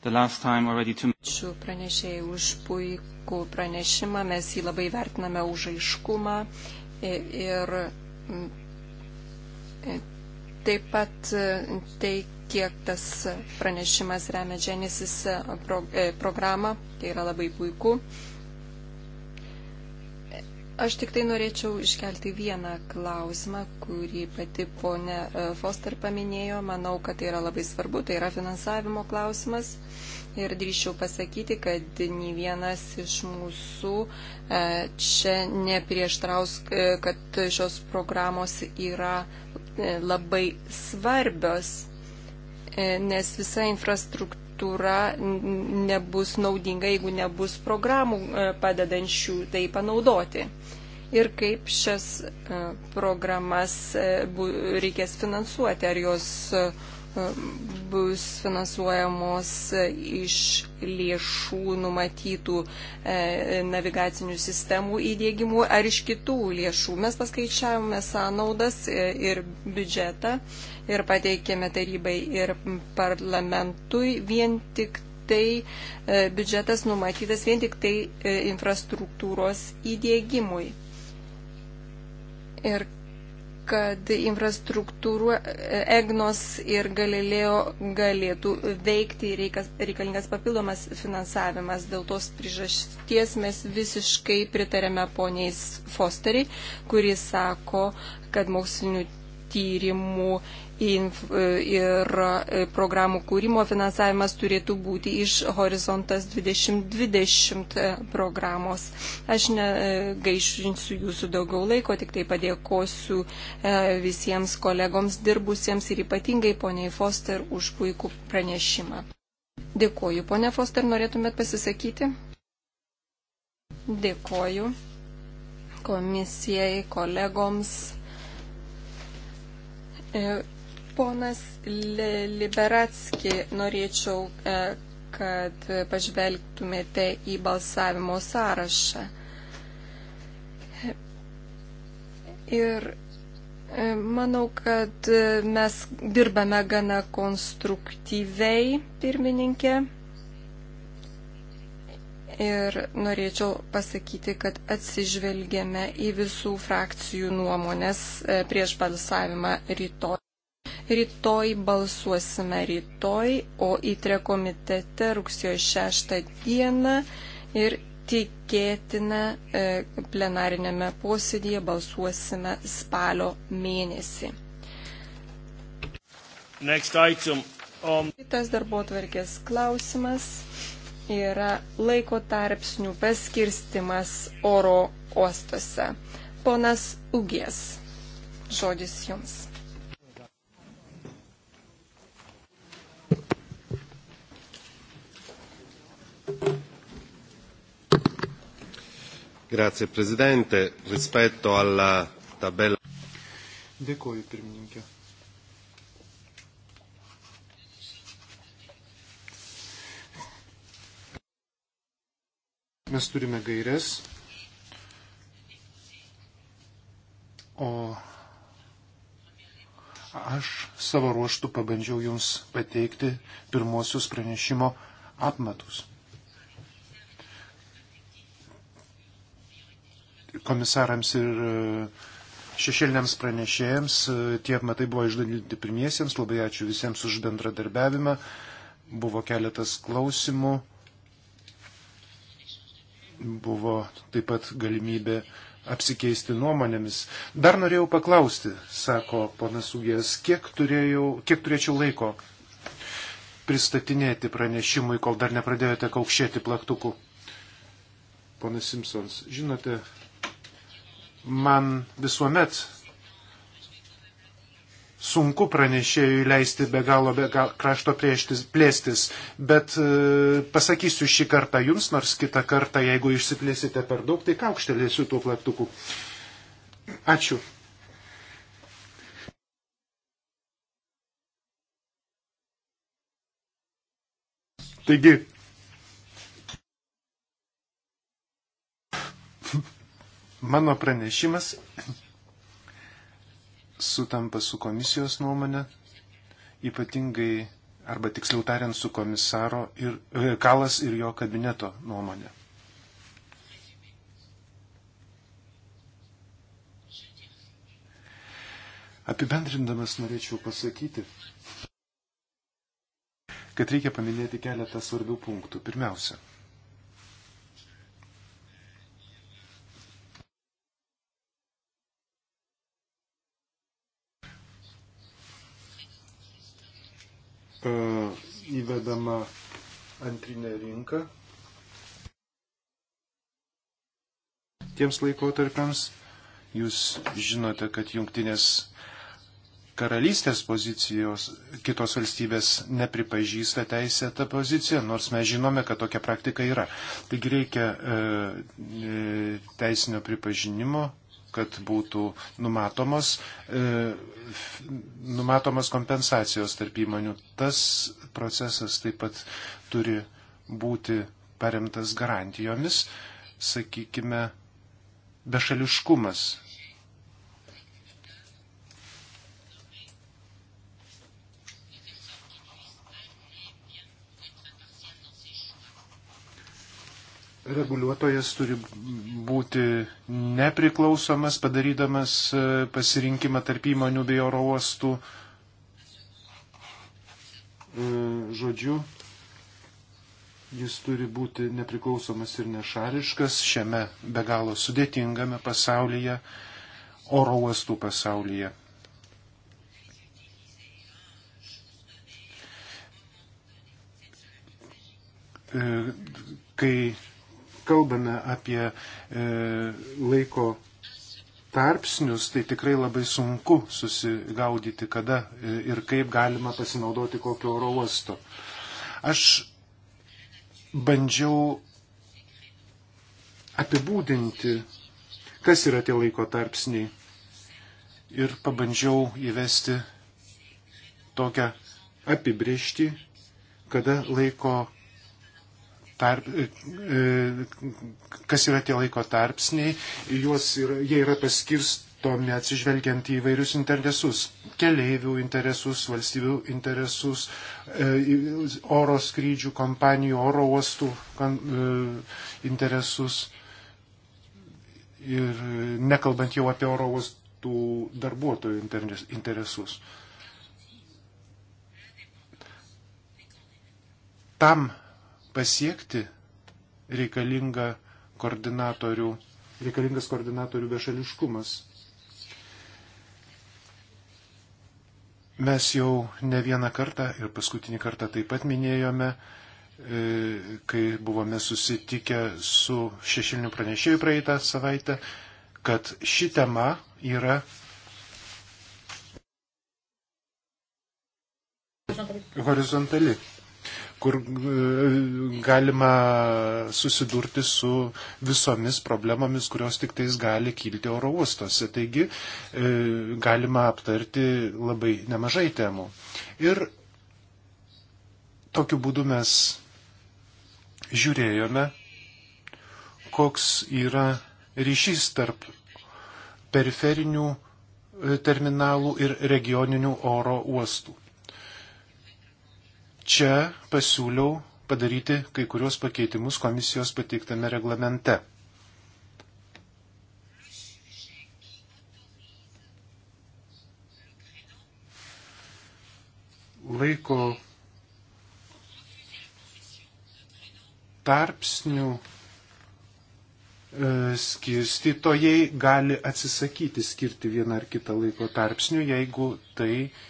Ačiū pranešėjai už puikų pranešimą, mes jį labai vertiname už aiškumą e, ir e, taip pat e, tai, kiek tas pranešimas remia Genesis programą, tai yra labai puiku. Aš tik tai norėčiau iškelti vieną klausimą, kurį pati ponė e, Foster paminėjo. Manau, kad tai yra labai svarbu, tai yra finansavimo klausimas. Ir drįščiau pasakyti, kad nei vienas iš mūsų e, čia neprieštraus, e, kad šios programos yra labai svarbios, nes visa infrastruktūra infrastruktūra nebus naudinga, jeigu nebus programų e, padedančių tai panaudoti. Ir kaip šias e, programas e, reikės finansuoti, ar jos bus finansuojamos iš lėšų numatytų e, navigacinių sistemų įdėgymų ar iš kitų lėšų. Mes paskaičiavome sąnaudas e, ir biudžetą ir pateikėme tarybai ir parlamentui vien tik tai e, biudžetas numatytas vien tik tai infrastruktūros įdėgymui. Ir kad infrastruktūrų e, EGNOS ir Galileo galėtų veikti reikas, reikalingas papildomas finansavimas. Dėl tos priežasties mes visiškai pritarėme poniais Fosteriai, kuris sako, kad mokslinių tyrimų ir e, programų kūrimo finansavimas turėtų būti iš Horizontas 2020 e, programos. Aš negaišinsiu e, jūsų daugiau laiko, tik tai padėkosiu visiems kolegoms dirbusiems ir ypatingai poniai Foster už puikų pranešimą. Dėkoju. Pone Foster, norėtumėt pasisakyti? Dėkoju komisijai, kolegoms Ponas Liberatski, norėčiau, e, kad pažvelgtumėte į balsavimo sąrašą. Ir e, manau, kad e, mes dirbame gana konstruktyviai, pirmininkė. Ir norėčiau pasakyti, kad atsižvelgėme į visų frakcijų nuomonės prieš balsavimą rytoj. Rytoj balsuosime rytoj, o įtre komitete rugsėjo 6 dieną ir tikėtina e, plenarinėme posėdėje balsuosime spalio mėnesį. On... Kitas darbo tvarkės klausimas yra laiko tarpsnių paskirstimas oro uostuose. Ponas Ugės, žodis jums. Grazie Presidente. Rispetto alla tabella. Dėkuoju, pirmininkė. Mes turime gairias, o aš savo ruoštų pabandžiau jums pateikti pirmosius pranešimo apmatus. komisarams ir e, šešėliniams pranešėjams. E, tie matai buvo išdalinti pirmiesiems. Labai ačiū visiems už bendradarbiavimą. Buvo keletas klausimų. Buvo taip pat galimybė apsikeisti nuomonėmis. Dar norėjau paklausti, sako ponas Ugės, kiek, turėjau, kiek turėčiau laiko pristatinėti pranešimui, kol dar nepradėjote kaukšėti plaktukų. Ponas Simpsons, žinote, man visuomet sunku pranešėjui leisti be galo be gal, krašto prieštis, plėstis, bet e, pasakysiu šį kartą jums, nors kitą kartą, jeigu išsiplėsite per daug, tai kaukštelėsiu tuo plaktuku. Ačiū. Taigi, Mano pranešimas sutampa su komisijos nuomonė, ypatingai, arba tiksliau tariant, su komisaro ir, ir e, Kalas ir jo kabineto nuomonė. Apibendrindamas norėčiau pasakyti, kad reikia paminėti keletą svarbių punktų. Pirmiausia, E, įvedama antrinė rinka tiems laikotarpiams. Jūs žinote, kad jungtinės karalystės pozicijos kitos valstybės nepripažįsta teisę tą poziciją, nors mes žinome, kad tokia praktika yra. Taigi reikia e, e teisinio pripažinimo kad būtų numatomos, e, numatomos kompensacijos tarp įmonių. Tas procesas taip pat turi būti paremtas garantijomis, sakykime, bešališkumas reguliuotojas turi būti nepriklausomas, padarydamas e, pasirinkimą tarp įmonių bei oro uostų. E, žodžiu, jis turi būti nepriklausomas ir nešališkas šiame be galo sudėtingame pasaulyje, oro uostų pasaulyje. E, kai kalbame apie e, laiko tarpsnius, tai tikrai labai sunku susigaudyti, kada e, ir kaip galima pasinaudoti kokio oro uosto. Aš bandžiau apibūdinti, kas yra tie laiko tarpsniai ir pabandžiau įvesti tokią apibriežtį, kada laiko tarp, e, e, kas yra tie laiko tarpsniai, juos yra, jie yra paskirstomi atsižvelgiant į vairius interesus - keleivių interesus, valstybių interesus, e, oro skrydžių kompanijų, oro uostų interesus ir nekalbant jau apie oro uostų darbuotojų interesus. Tam pasiekti reikalinga koordinatorių, reikalingas koordinatorių bešališkumas. Mes jau ne vieną kartą ir paskutinį kartą taip pat minėjome, e, kai buvome susitikę su šešiliniu pranešėju praeitą savaitę, kad ši tema yra horizontali kur e, galima susidurti su visomis problemomis, kurios tik tais gali kilti oro uostose. Taigi e, galima aptarti labai nemažai temų. Ir tokiu būdu mes žiūrėjome, koks yra ryšys tarp periferinių e, terminalų ir regioninių oro uostų. Čia pasiūliau padaryti kai kurios pakeitimus komisijos pateiktame reglamente. Laiko tarpsnių e, skirstytojai gali atsisakyti skirti vieną ar kitą laiko tarpsnių, jeigu tai uh,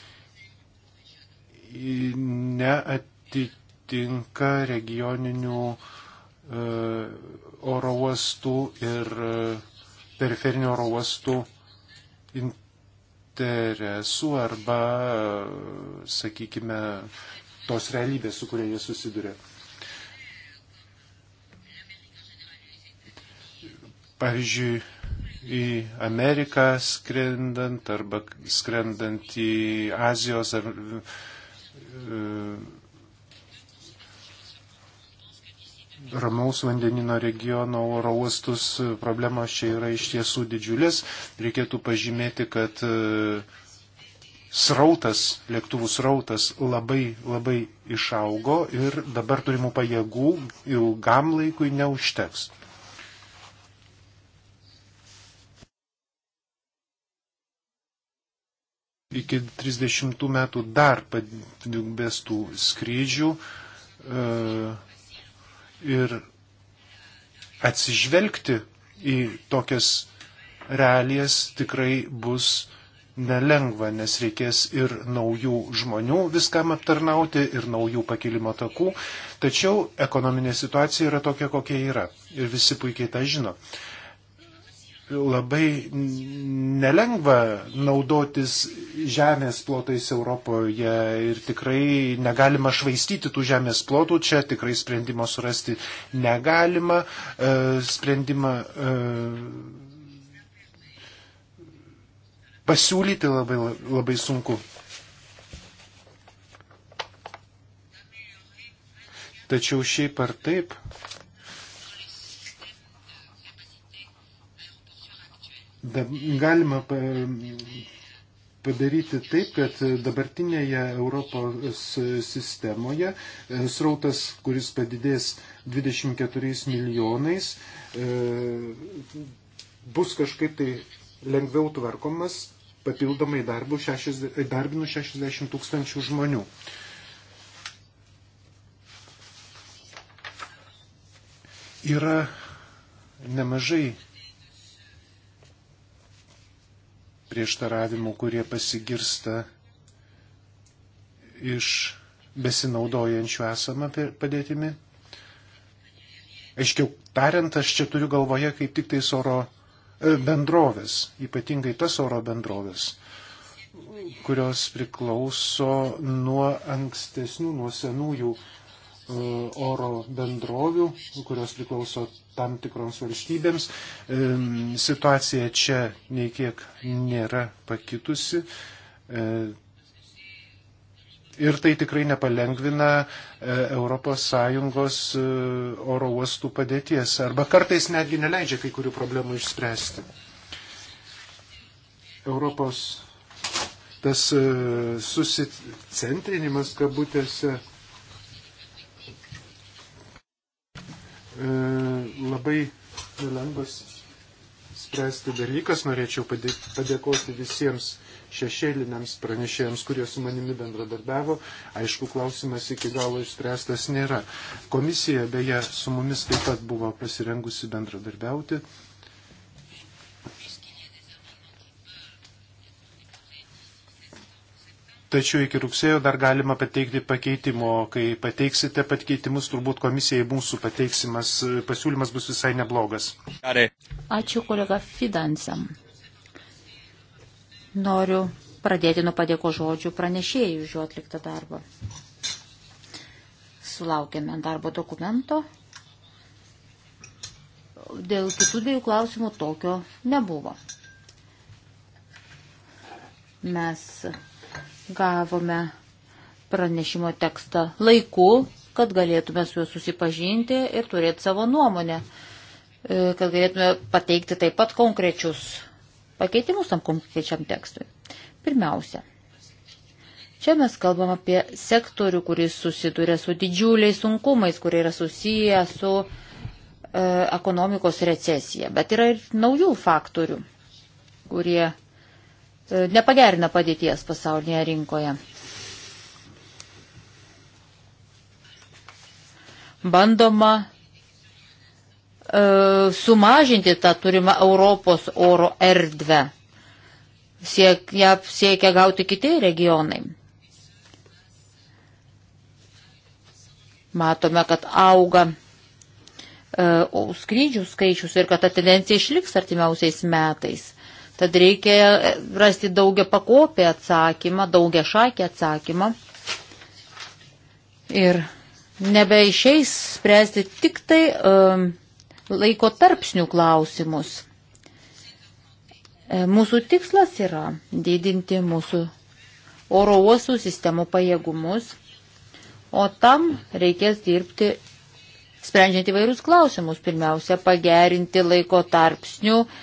neatitinka regioninių e, oro uostų ir e, periferinių oro uostų interesų arba, e, sakykime, tos realybės, su kuria jie susiduria. Pavyzdžiui, į Ameriką skrendant arba skrendant į Azijos ar E, ramaus vandenino regiono oro uostus e, problemos čia yra iš tiesų didžiulės. Reikėtų pažymėti, kad e, srautas, lėktuvų srautas labai, labai išaugo ir dabar turimų pajėgų ilgam laikui neužteks. iki 30 metų dar padvigubės tų skrydžių e, ir atsižvelgti į tokias realijas tikrai bus nelengva, nes reikės ir naujų žmonių viskam aptarnauti, ir naujų pakilimo takų. Tačiau ekonominė situacija yra tokia, kokia yra. Ir visi puikiai tą žino. Uh, labai nelengva naudotis žemės plotais Europoje ir tikrai negalima švaistyti tų žemės plotų, čia tikrai sprendimo surasti negalima. E, sprendimą e, pasiūlyti labai, labai sunku. Tačiau šiaip ar taip galima padaryti taip, kad dabartinėje Europos sistemoje e, srautas, kuris padidės 24 milijonais, e, bus kažkaip tai lengviau tvarkomas papildomai darbų 60, darbinų 60 tūkstančių žmonių. Yra nemažai prieštaravimų, kurie pasigirsta iš besinaudojančių esamą padėtimi. Aiškiau tariant, aš čia turiu galvoje kaip tik tais oro e, bendrovės, ypatingai tas oro bendrovės, kurios priklauso nuo ankstesnių, nuo senųjų E, oro bendrovių, kurios priklauso tam tikroms valstybėms. E, situacija čia neikiek nėra pakitusi. E, ir tai tikrai nepalengvina ES oro uostų padėties arba kartais netgi neleidžia kai kurių problemų išspręsti. Europos tas susicentrinimas kabutėse E, labai nelengvas spręsti dalykas. Norėčiau padėkoti visiems šešėliniams pranešėjams, kurie su manimi bendradarbiavo. Aišku, klausimas iki galo išspręstas nėra. Komisija beje su mumis taip pat buvo pasirengusi bendradarbiauti. tačiau iki rugsėjo dar galima pateikti pakeitimo. Kai pateiksite pakeitimus, turbūt komisijai mūsų pateiksimas pasiūlymas bus visai neblogas. Ačiū kolega Fidansam. Noriu pradėti nuo padėko žodžių pranešėjų už jo atliktą darbą. Sulaukėme darbo dokumento. Dėl kitų dviejų klausimų tokio nebuvo. Mes Gavome pranešimo tekstą laiku, kad galėtume su juo susipažinti ir turėti savo nuomonę, e, kad galėtume pateikti taip pat konkrečius pakeitimus tam konkrečiam tekstui. Pirmiausia, čia mes kalbam apie sektorių, kuris susiduria su didžiuliais sunkumais, kurie yra susiję su e, ekonomikos recesija, bet yra ir naujų faktorių, kurie E, nepagerina padėties pasaulinėje rinkoje. Bandoma e, sumažinti tą turimą Europos oro erdvę. Siek, ją siekia gauti kiti regionai. Matome, kad auga e, skrydžių skaičius ir kad ta tendencija išliks artimiausiais metais. Tad reikia rasti daugia pakopį atsakymą, daugia šakį atsakymą. Ir nebeišeis spręsti tik tai um, laiko tarpsnių klausimus. E, mūsų tikslas yra didinti mūsų oro uostų sistemų pajėgumus, o tam reikės dirbti sprendžiant įvairius klausimus. Pirmiausia, pagerinti laiko tarpsnių uh,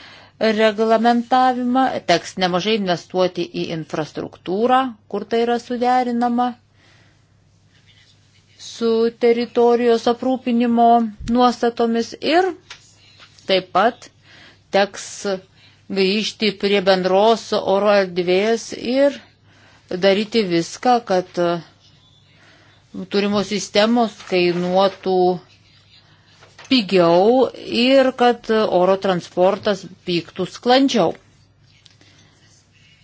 reglamentavimą, teks nemažai investuoti į infrastruktūrą, kur tai yra suderinama su teritorijos aprūpinimo nuostatomis ir taip pat teks grįžti prie bendros oro erdvės ir daryti viską, kad turimos sistemos kainuotų pigiau ir kad oro transportas vyktų sklandžiau.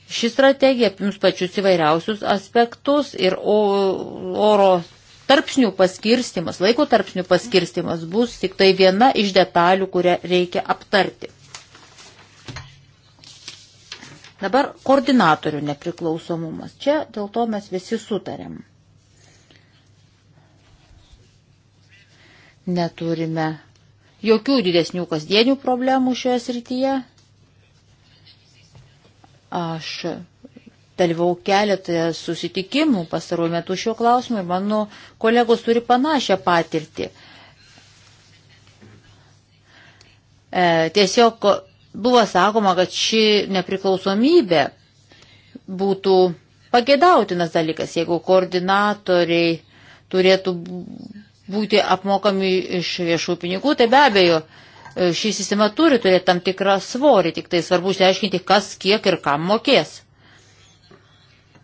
Ši strategija apims pačius įvairiausius aspektus ir oro tarpsnių paskirstimas, laiko tarpsnių paskirstimas bus tik tai viena iš detalių, kurią reikia aptarti. Dabar koordinatorių nepriklausomumas. Čia dėl to mes visi sutarėm. Neturime jokių didesnių kasdienių problemų šioje srityje. Aš dalyvau keletoje susitikimų pastaruoju metu šiuo klausimu ir mano kolegos turi panašią patirtį. E, tiesiog buvo sakoma, kad ši nepriklausomybė būtų pagėdautinas dalykas, jeigu koordinatoriai turėtų būti apmokami iš viešų pinigų, tai be abejo, e, ši sistema turi turėti tam tikrą svorį, tik tai svarbu išsiaiškinti, kas kiek ir kam mokės.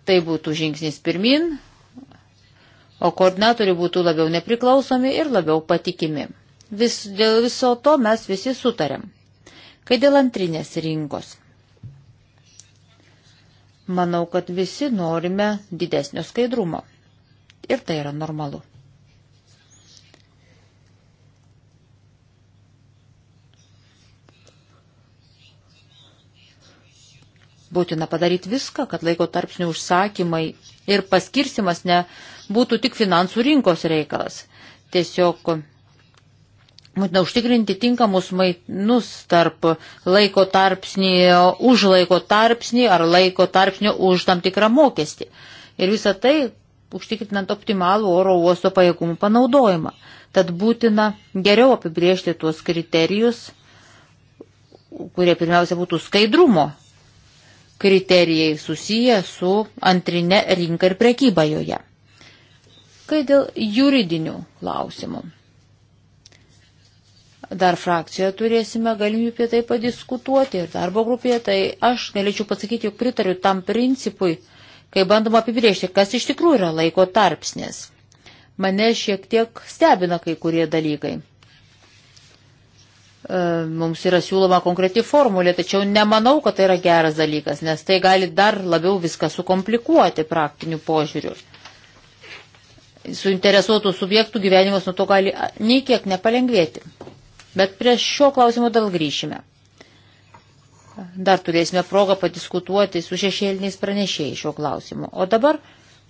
Tai būtų žingsnis pirmin, o koordinatoriai būtų labiau nepriklausomi ir labiau patikimi. Vis, dėl viso to mes visi sutarėm. Kai dėl antrinės rinkos. Manau, kad visi norime didesnio skaidrumo. Ir tai yra normalu. Būtina padaryti viską, kad laiko tarpsnių užsakymai ir paskirstimas nebūtų tik finansų rinkos reikalas. Tiesiog būtina užtikrinti tinkamus mainus tarp laiko tarpsnio už laiko tarpsnį ar laiko tarpsnio už tam tikrą mokestį. Ir visą tai užtikrinant optimalų oro uosto pajėgumų panaudojimą. Tad būtina geriau apibriežti tuos kriterijus, kurie pirmiausia būtų skaidrumo kriterijai susiję su antrinė rinka ir prekyba joje. Kai dėl juridinių klausimų. Dar frakcijoje turėsime galimybę apie tai padiskutuoti ir darbo grupėje, tai aš galėčiau pasakyti, jog pritariu tam principui, kai bandoma apibriežti, kas iš tikrųjų yra laiko tarpsnis. Mane šiek tiek stebina kai kurie dalykai. E, mums yra siūloma konkreti formulė, tačiau nemanau, kad tai yra geras dalykas, nes tai gali dar labiau viską sukomplikuoti praktiniu požiūriu. Suinteresuotų subjektų gyvenimas nuo to gali nei kiek nepalengvėti. Bet prie šio klausimo dėl grįšime. Dar turėsime progą padiskutuoti su šešėliniais pranešėjais šio klausimu. O dabar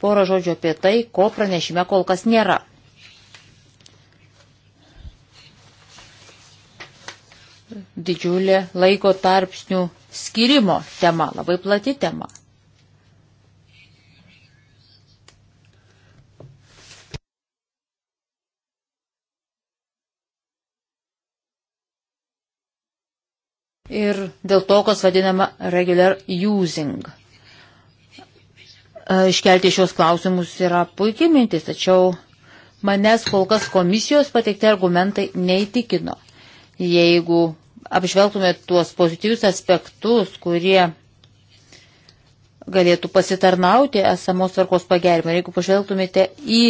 porą žodžių apie tai, ko pranešime kol kas nėra. didžiulė laiko tarpsnių skirimo tema, labai plati tema. ir dėl to, kas vadinama regular using. E, iškelti šios klausimus yra puikiai mintis, tačiau manęs kol kas komisijos pateikti argumentai neįtikino. Jeigu apžvelgtume tuos pozityvius aspektus, kurie galėtų pasitarnauti esamos tvarkos pagerimą. Jeigu pažvelgtumėte į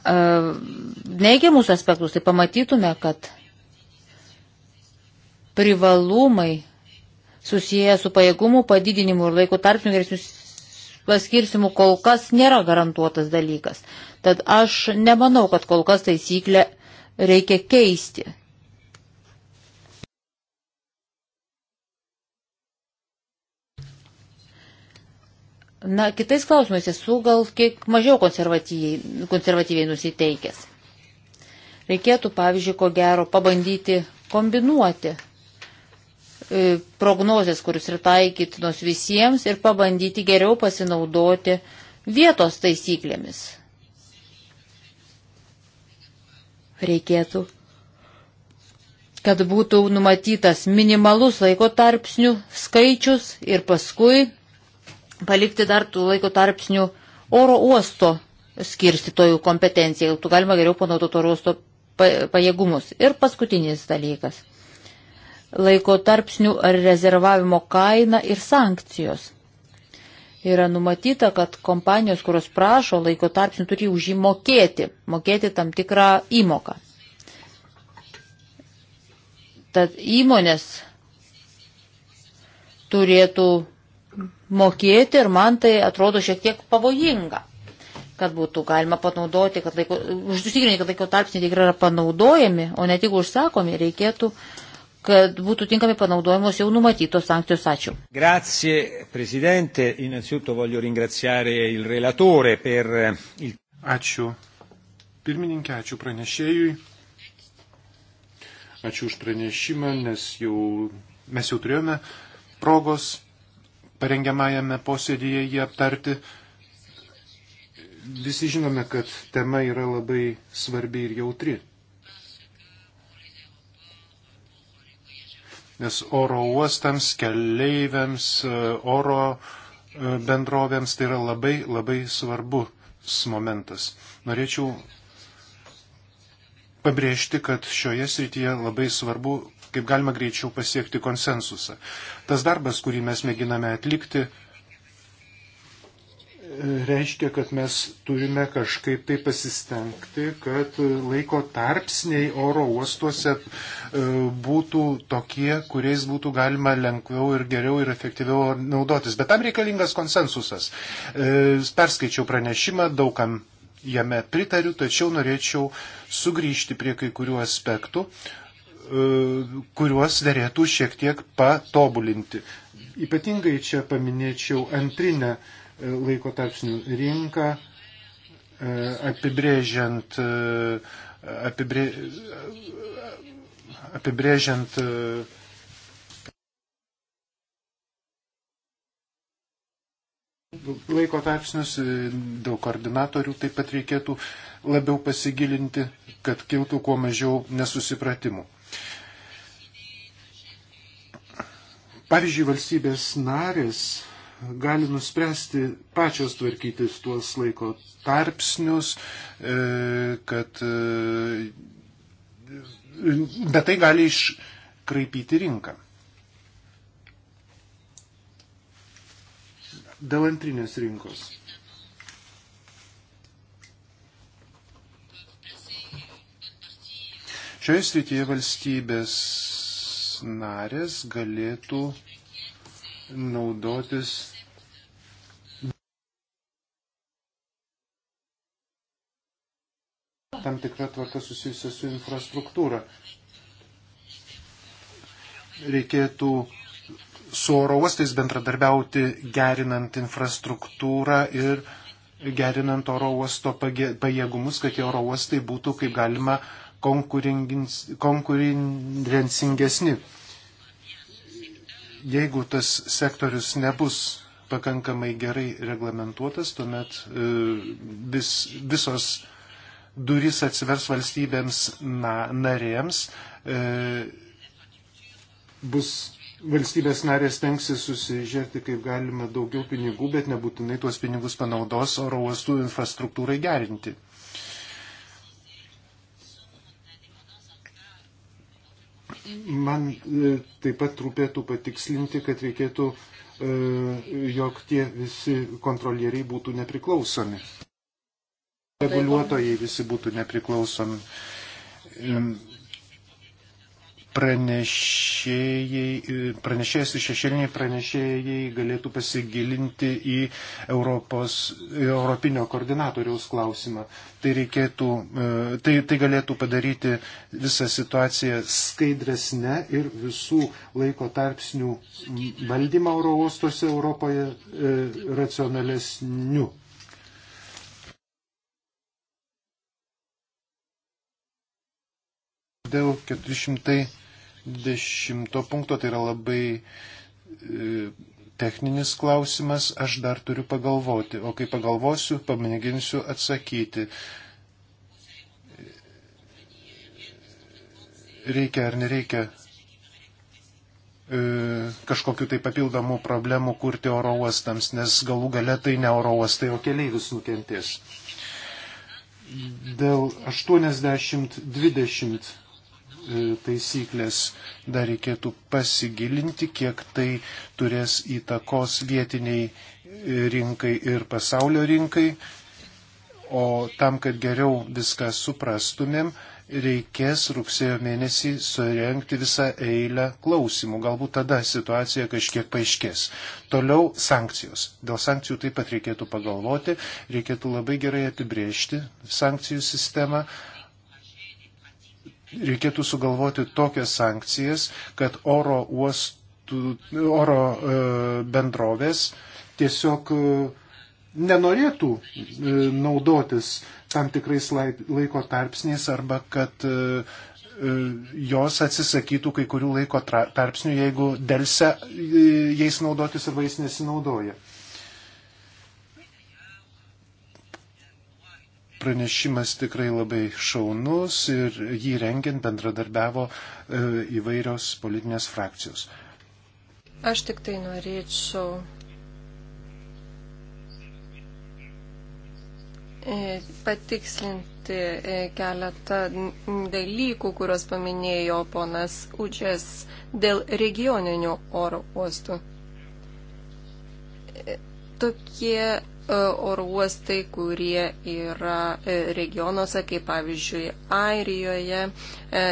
e, neigiamus aspektus, tai pamatytume, kad privalumai susiję su pajėgumų padidinimu ir laiko tarpinių geresnių paskirsimų kol kas nėra garantuotas dalykas. Tad aš nemanau, kad kol kas taisyklę reikia keisti. Na, kitais klausimais esu gal kiek mažiau konservatyviai, konservatyviai nusiteikęs. Reikėtų, pavyzdžiui, ko gero pabandyti kombinuoti E, prognozes, kuris ir taikytinos visiems ir pabandyti geriau pasinaudoti vietos taisyklėmis. Reikėtų, kad būtų numatytas minimalus laiko tarpsnių skaičius ir paskui palikti dar tų laiko tarpsnių oro uosto skirstytojų kompetenciją, galima geriau panaudoti oro uosto pajėgumus. Ir paskutinis dalykas laiko tarpsnių ar rezervavimo kaina ir sankcijos. Yra numatyta, kad kompanijos, kurios prašo laiko tarpsnių, turi už jį mokėti, mokėti tam tikrą įmoką. Tad įmonės turėtų mokėti ir man tai atrodo šiek tiek pavojinga kad būtų galima panaudoti, kad laiko, užtikrinti, kad laiko tarpsniai tikrai yra panaudojami, o ne tik užsakomi, reikėtų uh, kad būtų tinkamai panaudojamos jau numatytos sankcijos. Ačiū. Grazie, prezidente. Innanzitutto voglio ringraziare il relatore per eh, il. Ačiū. Pirmininkė, ačiū pranešėjui. Ačiū už pranešimą, nes jau, mes jau turėjome progos parengiamajame posėdėje jį aptarti. Visi žinome, kad tema yra labai svarbi ir jautri. nes oro uostams, keleiviams, e, oro e, bendrovėms tai yra labai labai svarbus momentas. Norėčiau pabrėžti, kad šioje srityje labai svarbu, kaip galima greičiau pasiekti konsensusą. Tas darbas, kurį mes mėginame atlikti, reiškia, kad mes turime kažkaip tai pasistengti, kad laiko tarpsniai oro uostuose e, būtų tokie, kuriais būtų galima lengviau ir geriau ir efektyviau naudotis. Bet tam reikalingas konsensusas. E, perskaičiau pranešimą, daugam jame pritariu, tačiau norėčiau sugrįžti prie kai kurių aspektų e, kuriuos dėrėtų šiek tiek patobulinti. Ypatingai čia paminėčiau antrinę uh, laiko tarpsnių rinką, e, apibrėžiant, e, apibrė, apibrėžiant e, laiko tarpsnius, dėl koordinatorių taip pat reikėtų labiau pasigilinti, kad kiltų kuo mažiau nesusipratimų. Pavyzdžiui, valstybės narės gali nuspręsti pačios tvarkytis tuos laiko tarpsnius, e, kad e, bet tai gali iškraipyti rinką. Dėl antrinės rinkos. Šioje srityje valstybės narės galėtų naudotis tam tikra tvarka susijusia su infrastruktūra. Reikėtų su oro uostais bendradarbiauti, gerinant infrastruktūrą ir gerinant oro uosto pajėgumus, kad tie oro uostai būtų kaip galima konkurencingesni jeigu tas sektorius nebus pakankamai gerai reglamentuotas, tuomet e, vis, visos duris atsivers valstybėms na, narėms, e, bus valstybės narės tenksis susižerti kaip galima daugiau pinigų, bet nebūtinai tuos pinigus panaudos oro uostų infrastruktūrai gerinti. Man e, taip pat rūpėtų patikslinti, kad reikėtų, e, jog tie visi kontrolieriai būtų nepriklausomi. Reguliuotojai visi būtų nepriklausomi pranešėjas ir šešėliniai pranešėjai galėtų pasigilinti į Europos, Europinio koordinatoriaus klausimą. Tai, reikėtų, e, tai, tai galėtų padaryti visą situaciją skaidresnę ir visų laiko tarpsnių valdymą oro uostuose Europoje e, racionalesniu. dėl 400 dešimto punkto, tai yra labai e, techninis klausimas, aš dar turiu pagalvoti, o kai pagalvosiu, pamėginsiu atsakyti. Reikia ar nereikia e, kažkokiu tai papildomų problemų kurti oro uostams, nes galų gale tai ne oro uostai, o keleivis nukentės. Dėl 80-20 E, taisyklės dar reikėtų pasigilinti, kiek tai turės įtakos vietiniai rinkai ir pasaulio rinkai. O tam, kad geriau viską suprastumėm, reikės rugsėjo mėnesį surenkti visą eilę klausimų. Galbūt tada situacija kažkiek paaiškės. Toliau sankcijos. Dėl sankcijų taip pat reikėtų pagalvoti, reikėtų labai gerai apibriežti sankcijų sistemą, reikėtų sugalvoti tokias sankcijas, kad oro, uostų, oro e, bendrovės tiesiog e, nenorėtų e, naudotis tam tikrais laiko tarpsniais arba kad jos atsisakytų kai kurių laiko tarpsnių, jeigu dėlse jais naudotis arba jais nesinaudoja. Pranešimas tikrai labai šaunus ir jį rengiant bendradarbiavo e, įvairios politinės frakcijos. Aš tik tai norėčiau e, patikslinti e, keletą dalykų, kuriuos paminėjo ponas Udžės dėl regioninių oro uostų. Tokie E, oro uostai, kurie yra e, regionuose, kaip pavyzdžiui Airijoje, e,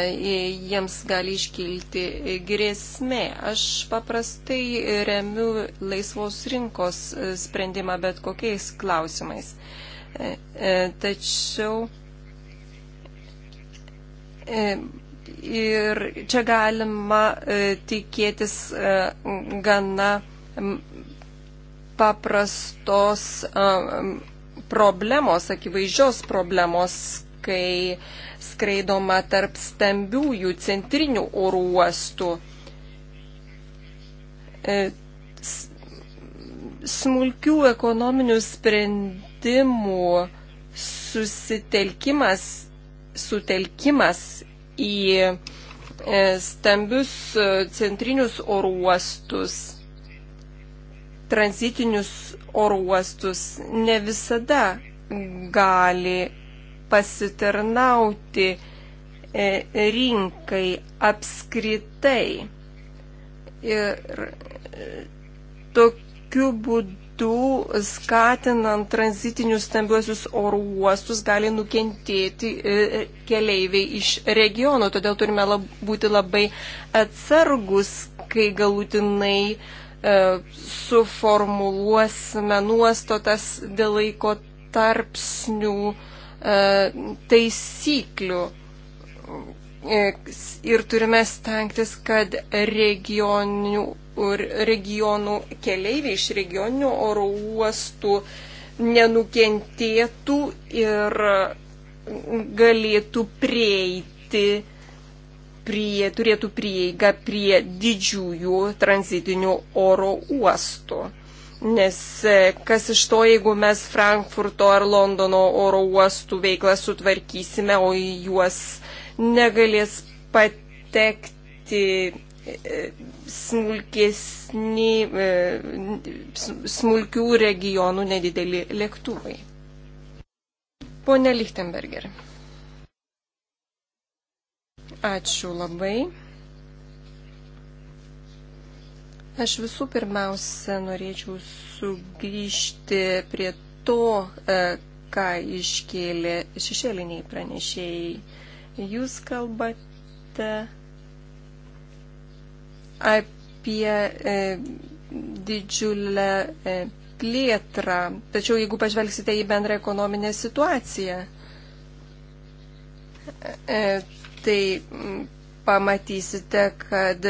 jiems gali iškilti grėsmė. Aš paprastai remiu laisvos rinkos sprendimą bet kokiais klausimais. Tačiau ir čia galima tikėtis gana paprastos problemos, akivaizdžios problemos, kai skraidoma tarp stambiųjų centrinių oro uostų. E, smulkių ekonominių sprendimų susitelkimas, sutelkimas į e, stambius e, centrinius oro uostus tranzitinius oro uostus ne visada gali pasitarnauti e, rinkai apskritai. Ir e, tokiu būdu skatinant tranzitinius stambiuosius oro uostus gali nukentėti e, keleiviai iš regiono. Todėl turime lab, būti labai atsargus, kai galutinai uh, E, suformuluosime nuostatas dėl laiko tarpsnių e, taisyklių. E, ir turime stengtis, kad regionių, regionų keleiviai iš regioninių oro uostų nenukentėtų ir galėtų prieiti prie, turėtų prieigą prie didžiųjų tranzitinių oro uostų. Nes e, kas iš to, jeigu mes Frankfurto ar Londono oro uostų veiklą sutvarkysime, o į juos negalės patekti e, smulkesni, e, smulkių regionų nedideli lėktuvai. Pone Lichtenberger. Ačiū labai. Aš visų pirmiausia norėčiau sugrįžti prie to, e, ką iškėlė šešėliniai pranešėjai. Jūs kalbate apie e, didžiulę e, plėtrą, tačiau jeigu pažvelgsite į bendrą ekonominę situaciją, tai pamatysite, kad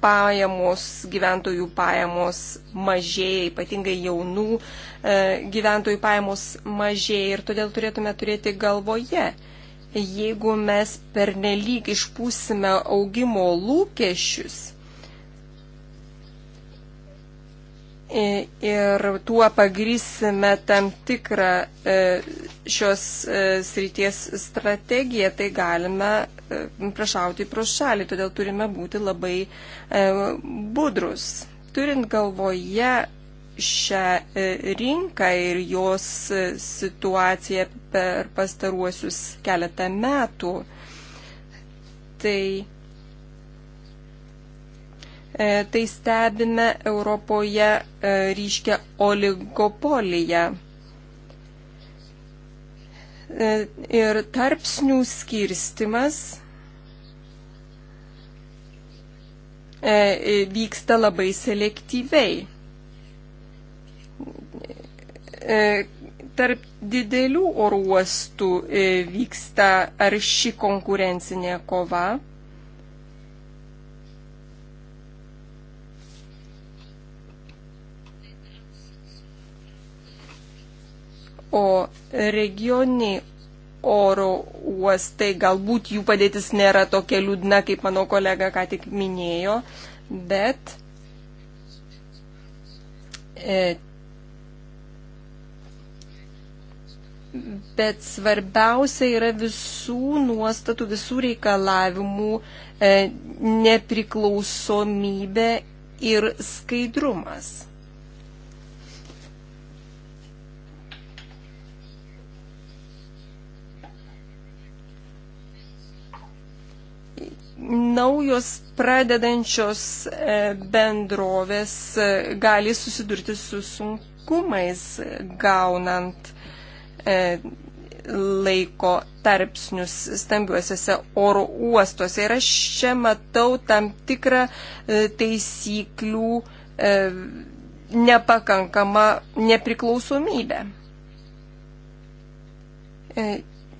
pajamos, gyventojų pajamos mažėja, ypatingai jaunų e, gyventojų pajamos mažėja ir todėl turėtume turėti galvoje. Jeigu mes pernelyg išpūsime augimo lūkesčius, ir tuo pagrysime tam tikrą e, šios e, srities strategiją, tai galime e, prašauti pro šalį, todėl turime būti labai budrus. Turint galvoje šią rinką ir jos situaciją per pastaruosius keletą metų, tai E, tai stebime Europoje e, ryškę oligopoliją. E, ir tarpsnių skirstimas vyksta labai selektyviai. Tarp didelių oruostų vyksta arši konkurencinė kova. O regioniniai oro uostai, galbūt jų padėtis nėra tokia liūdna, kaip mano kolega ką tik minėjo, bet e, bet svarbiausia yra visų nuostatų, visų reikalavimų e, nepriklausomybė ir skaidrumas. naujos pradedančios e, bendrovės e, gali susidurti su sunkumais gaunant e, laiko tarpsnius stambiuosiuose oro uostuose. Ir aš čia matau tam tikrą taisyklių nepakankamą nepriklausomybę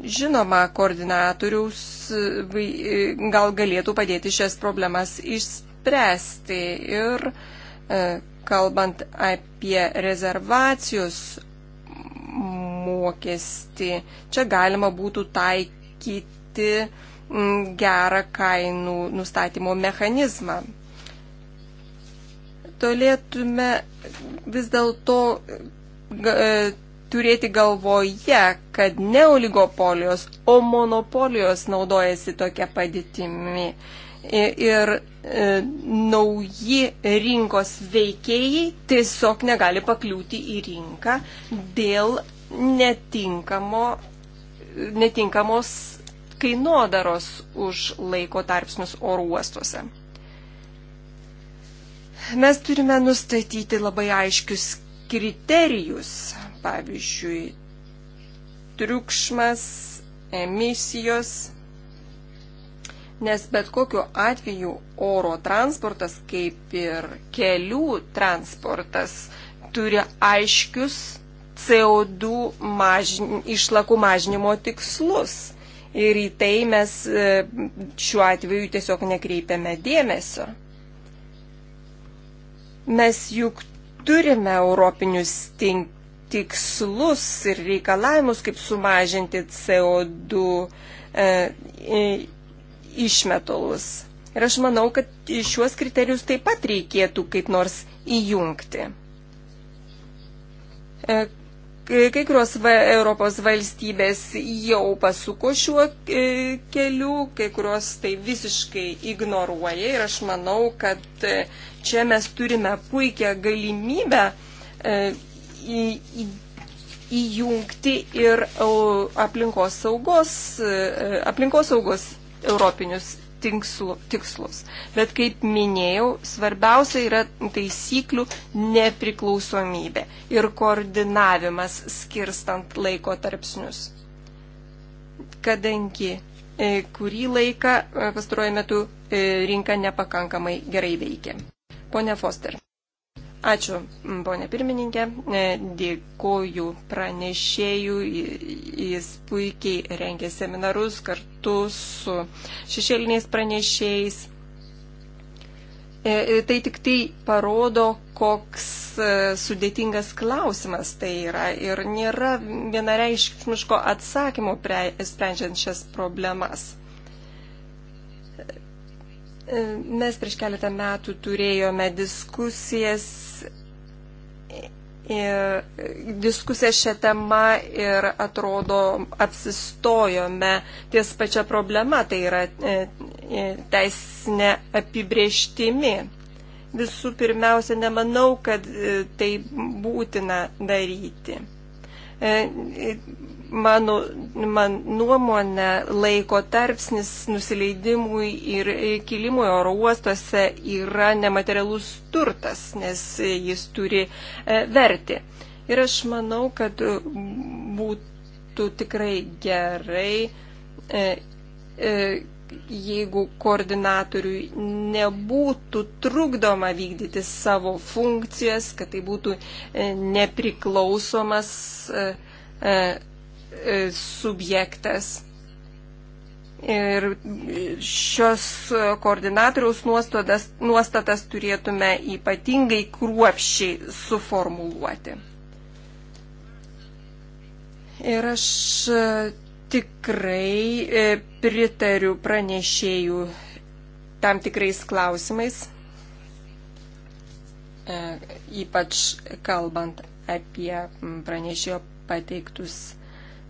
žinoma, koordinatorius e, e, gal galėtų padėti šias problemas išspręsti. Ir e, kalbant apie rezervacijos mokestį, čia galima būtų taikyti gerą kainų nustatymo mechanizmą. Tolėtume vis dėlto turėti galvoje, kad ne oligopolijos, o monopolijos naudojasi tokia padėtimi. Ir, ir e, nauji rinkos veikėjai tiesiog negali pakliūti į rinką dėl netinkamo, netinkamos kainodaros už laiko tarpsnius oro uostuose. Mes turime nustatyti labai aiškius kriterijus, pavyzdžiui, triukšmas, emisijos, nes bet kokiu atveju oro transportas, kaip ir kelių transportas, turi aiškius CO2 mažin, išlakų mažinimo tikslus. Ir į tai mes e, šiuo atveju tiesiog nekreipiame dėmesio. Mes juk turime europinius tink, tikslus ir reikalavimus, kaip sumažinti CO2 e, išmetalus. Ir aš manau, kad šiuos kriterijus taip pat reikėtų kaip nors įjungti. E, kai kurios va, Europos valstybės jau pasuko šiuo e, keliu, kai kurios tai visiškai ignoruoja ir aš manau, kad e, čia mes turime puikią galimybę e, į, į, įjungti ir e, aplinkos saugos, e, aplinkos saugos europinius tikslus. Bet kaip minėjau, svarbiausia yra taisyklių nepriklausomybė ir koordinavimas skirstant laiko tarpsnius. Kadangi e, kurį laiką pastaruoju metu rinka nepakankamai gerai veikia. Pone Foster. Ačiū, ponė pirmininkė. E, dėkoju pranešėjų. Jis puikiai rengė seminarus kartu su šešėliniais pranešėjais. E, e, tai tik tai parodo, koks sudėtingas klausimas tai yra ir nėra vienareiškiško atsakymo prie, sprendžiant šias problemas. Mes prieš keletą metų turėjome diskusijas E, diskusiją šią temą ir atrodo apsistojome ties pačia problema, tai yra e, e, teisinė apibrieštimi. Visų pirmiausia, nemanau, kad tai būtina daryti mano man nuomonė, laiko tarpsnis nusileidimui ir kilimui oro uostuose yra nematerialus turtas, nes jis turi e, verti. Ir aš manau, kad būtų tikrai gerai, e, e, jeigu koordinatoriui nebūtų trukdoma vykdyti savo funkcijas, kad tai būtų nepriklausomas E, subjektas. Ir šios koordinatoriaus nuostatas, nuostatas turėtume ypatingai kruopščiai suformuluoti. Ir aš e, tikrai e, pritariu pranešėjų tam tikrais klausimais, ypač kalbant apie pranešėjo pateiktus klausimus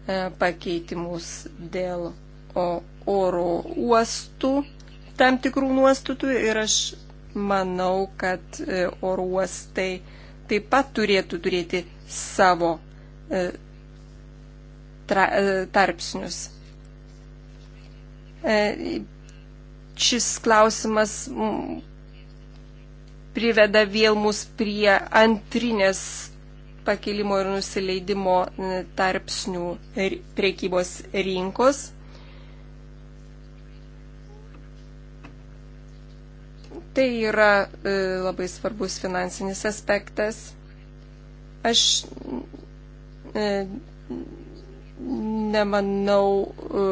E, pakeitimus dėl oro uostų tam tikrų nuostatų ir aš manau, kad e, oro uostai taip pat turėtų turėti savo e, tra, tarpsnius. Šis klausimas priveda vėl mus prie antrinės pakilimo ir nusileidimo tarpsnių priekybos rinkos. Tai yra e, labai svarbus finansinis aspektas. Aš nemanau, e,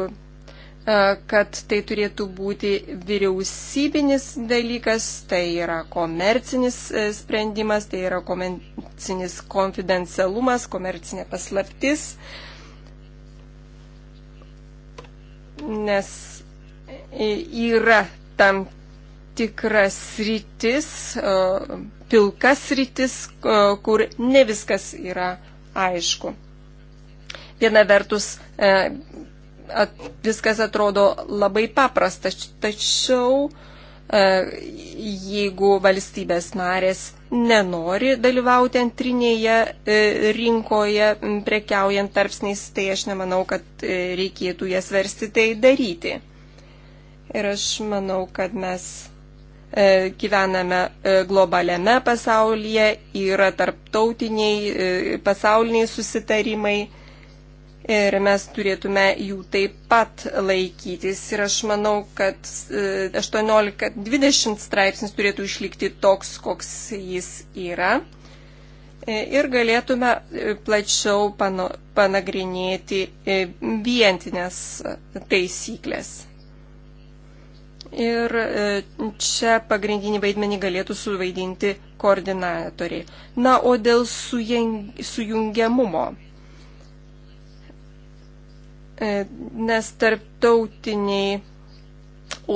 E, kad tai turėtų būti vyriausybinis dalykas, tai yra komercinis e, sprendimas, tai yra komercinis konfidencialumas, komercinė paslaptis, nes yra tam tikras rytis, e, pilkas rytis, kur ne viskas yra aišku. Viena vertus at, viskas atrodo labai paprasta, tačiau e, jeigu valstybės narės nenori dalyvauti antrinėje e, rinkoje prekiaujant tarpsniais, tai aš nemanau, kad e, reikėtų jas versti tai daryti. Ir aš manau, kad mes gyvename globaliame pasaulyje, yra tarptautiniai, pasauliniai susitarimai ir mes turėtume jų taip pat laikytis. Ir aš manau, kad 18-20 e, straipsnis turėtų išlikti toks, koks jis yra. E, ir galėtume e, plačiau pano, panagrinėti vientinės taisyklės. Ir čia pagrindinį vaidmenį galėtų suvaidinti koordinatoriai. Na, o dėl sujeng, sujungiamumo. E, nes tarptautiniai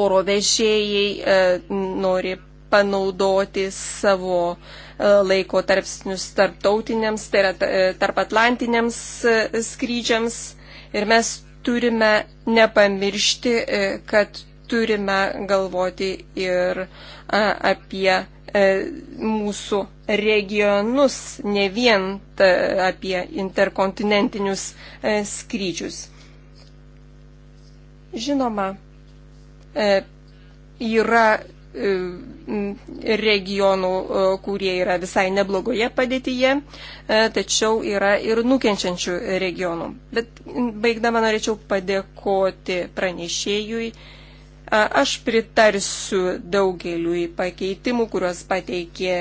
oro vežėjai e, nori panaudoti savo e, laiko tarpsnius tarptautiniams, tai yra tarp atlantiniams skrydžiams. Ir mes turime nepamiršti, kad turime galvoti ir apie mūsų regionus, ne vien apie interkontinentinius skrydžius. Žinoma, e, yra e, regionų, e, kurie yra visai neblogoje padėtyje, tačiau yra ir nukenčiančių regionų. Bet baigdama norėčiau padėkoti pranešėjui. Aš pritarsiu daugeliu pakeitimų, kuriuos pateikė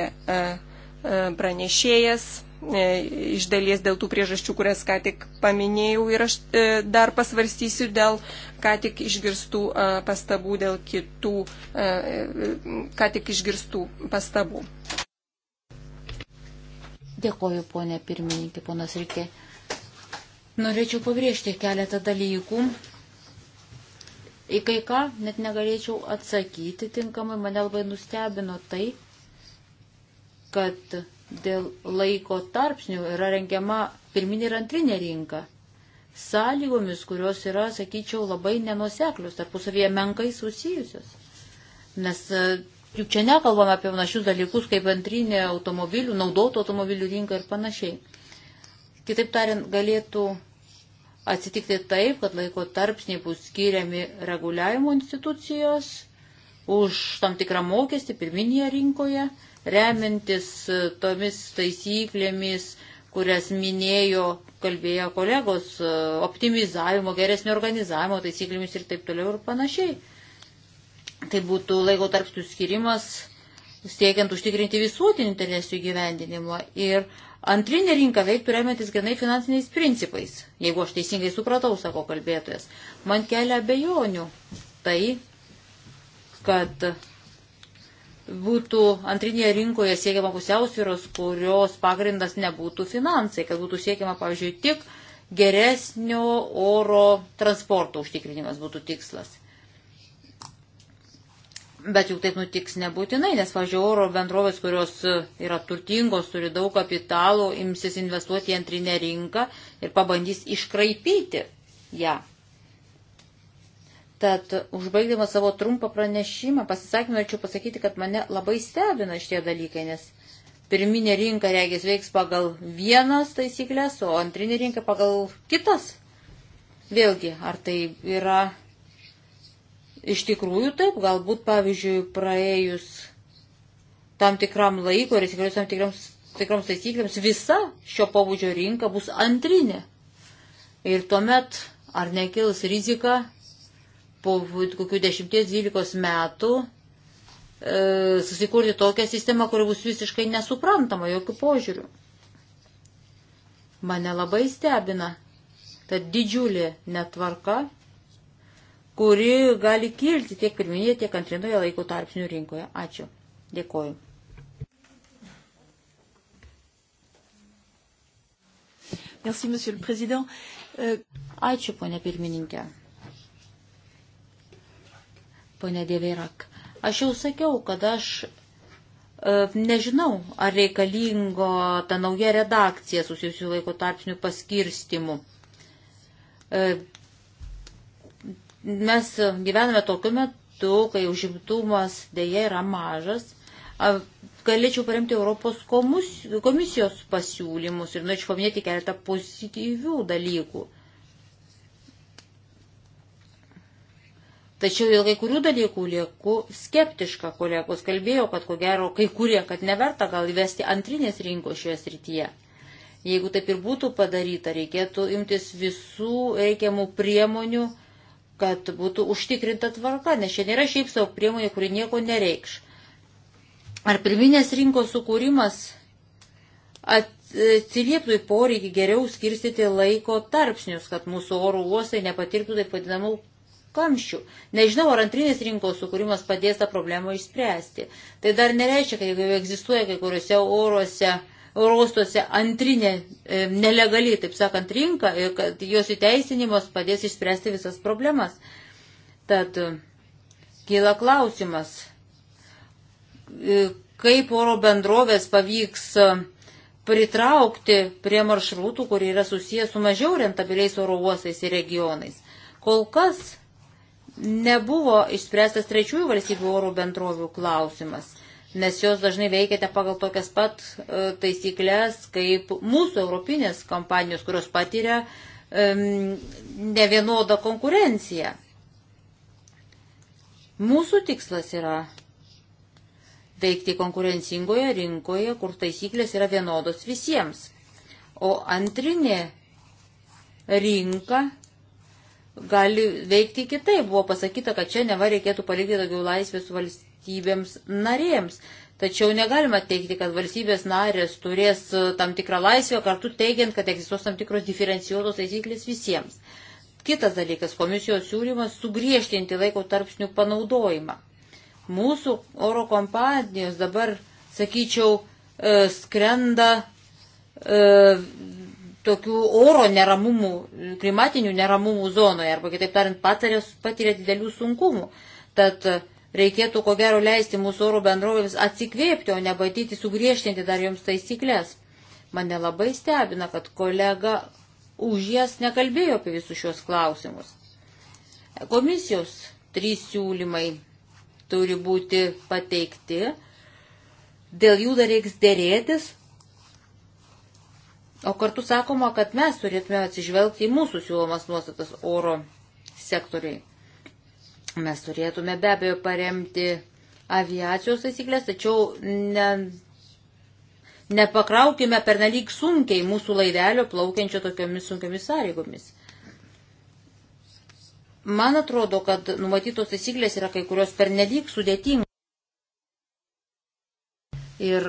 pranešėjas E, iš dalies dėl tų priežasčių, kurias ką tik paminėjau ir aš e, dar pasvarstysiu dėl ką tik išgirstų e, pastabų, dėl kitų, ką tik išgirstų pastabų. Dėkoju, ponė pirmininkė, ponas Rikė. Norėčiau pabrėžti keletą dalykų. Į kai ką net negalėčiau atsakyti tinkamai, mane labai nustebino tai, kad dėl laiko tarpsnių yra rengiama pirminė ir antrinė rinka. Sąlygomis, kurios yra, sakyčiau, labai nenuseklius, tarpusavėje menkai susijusios. Nes e, juk čia nekalbame apie panašius dalykus kaip antrinė automobilių, naudotų automobilių rinka ir panašiai. Kitaip tariant, galėtų atsitikti taip, kad laiko tarpsniai bus skiriami reguliavimo institucijos už tam tikrą mokestį pirminėje rinkoje remintis e, tomis taisyklėmis, kurias minėjo, kalbėjo kolegos, e, optimizavimo, geresnio organizavimo taisyklėmis ir taip toliau ir panašiai. Tai būtų laiko tarpsnių skirimas siekiant užtikrinti visuotinį interesų įgyvendinimą ir antrinė rinka veiktų remiantis grinai finansiniais principais, jeigu aš teisingai supratau, sako kalbėtojas. Man kelia abejonių tai, kad būtų antrinėje rinkoje siekiama pusiausvyros, kurios pagrindas nebūtų finansai, kad būtų siekiama, pavyzdžiui, tik geresnio oro transporto užtikrinimas būtų tikslas. Bet juk taip nutiks nebūtinai, nes, pavyzdžiui, oro bendrovės, kurios yra turtingos, turi daug kapitalo, imsis investuoti į antrinę rinką ir pabandys iškraipyti ją. Ja. Tad užbaigdama savo trumpą pranešimą, pasisakymą, norėčiau pasakyti, kad mane labai stebina šitie dalykai, nes pirminė rinka, regis, veiks pagal vienas taisyklės, o antrinė rinka pagal kitas. Vėlgi, ar tai yra iš tikrųjų taip, galbūt, pavyzdžiui, praėjus tam tikram laiko ir įsikalius tam tikroms, tikroms taisyklėms, visa šio pobūdžio rinka bus antrinė. Ir tuomet, ar nekils rizika po kokių 10-12 metų e, susikurti tokią sistemą, kuri bus visiškai nesuprantama jokių požiūrių. Mane labai stebina ta didžiulė netvarka, kuri gali kilti tiek pirminėje, tiek antrinoje laiko tarpsnių rinkoje. Ačiū. Dėkoju. Merci, Monsieur le Président. Euh, Ačiū, ponė pirmininkė ponė Dėvėrak. Aš jau sakiau, kad aš e, nežinau, ar reikalingo ta nauja redakcija susijusių laiko tarpsnių paskirstimų. E, mes gyvename tokiu metu, kai užimtumas dėja yra mažas. A, galėčiau paremti Europos komus, komisijos pasiūlymus ir norėčiau nu, paminėti keletą pozityvių dalykų. Tačiau dėl kai kurių dalykų lieku skeptiška, kolegos kalbėjo, kad ko gero kai kurie, kad neverta gal įvesti antrinės rinkos šioje srityje. Jeigu taip ir būtų padaryta, reikėtų imtis visų reikiamų priemonių, kad būtų užtikrinta tvarka, nes čia nėra šiaip savo priemonė, kuri nieko nereikš. Ar pirminės rinkos sukūrimas atsilieptų į poreikį geriau skirstyti laiko tarpsnius, kad mūsų oro uostai nepatirtų taip vadinamų kamščių. Nežinau, ar antrinės rinkos sukūrimas padės tą problemą išspręsti. Tai dar nereiškia, kad jeigu egzistuoja kai kuriuose oruose, oruostuose antrinė e, nelegali, taip sakant, rinka, ir kad jos įteisinimas padės išspręsti visas problemas. Tad e, kyla klausimas, e, kaip oro bendrovės pavyks e, pritraukti prie maršrutų, kurie yra susijęs su mažiau rentabiliais oro uostais ir regionais. Kol kas nebuvo išspręstas trečiųjų valstybių oro bendrovių klausimas, nes jos dažnai veikėte pagal tokias pat e, taisyklės kaip mūsų europinės kompanijos, kurios patiria um, ne vienodą konkurenciją. Mūsų tikslas yra veikti konkurencingoje rinkoje, kur taisyklės yra vienodos visiems. O antrinė rinka gali veikti kitaip. Buvo pasakyta, kad čia neva reikėtų palikti daugiau laisvės valstybėms narėms. Tačiau negalima teikti, kad valstybės narės turės e, tam tikrą laisvę, kartu teigiant, kad egzistuos tam tikros diferencijuotos taisyklės visiems. Kitas dalykas - komisijos siūlymas sugriežtinti laiko tarpsnių panaudojimą. Mūsų oro kompanijos dabar, sakyčiau, e, skrenda e, tokių oro neramumų, klimatinių neramumų zonoje, arba kitaip tariant, patarės patiria didelių sunkumų. Tad reikėtų ko gero leisti mūsų oro bendrovėms atsikvėpti, o ne bandyti sugriežtinti dar joms taisyklės. Mane labai stebina, kad kolega už jas nekalbėjo apie visus šios klausimus. Komisijos trys siūlymai turi būti pateikti, dėl jų dar reiks dėrėtis, O kartu sakoma, kad mes turėtume atsižvelgti į mūsų siūlomas nuostatas oro sektoriai. Mes turėtume be abejo paremti aviacijos taisyklės, tačiau ne, nepakraukime pernelyg sunkiai mūsų laivelio plaukiančio tokiomis sunkiomis sąlygomis. Man atrodo, kad numatytos taisyklės yra kai kurios pernelyg sudėtingos. Ir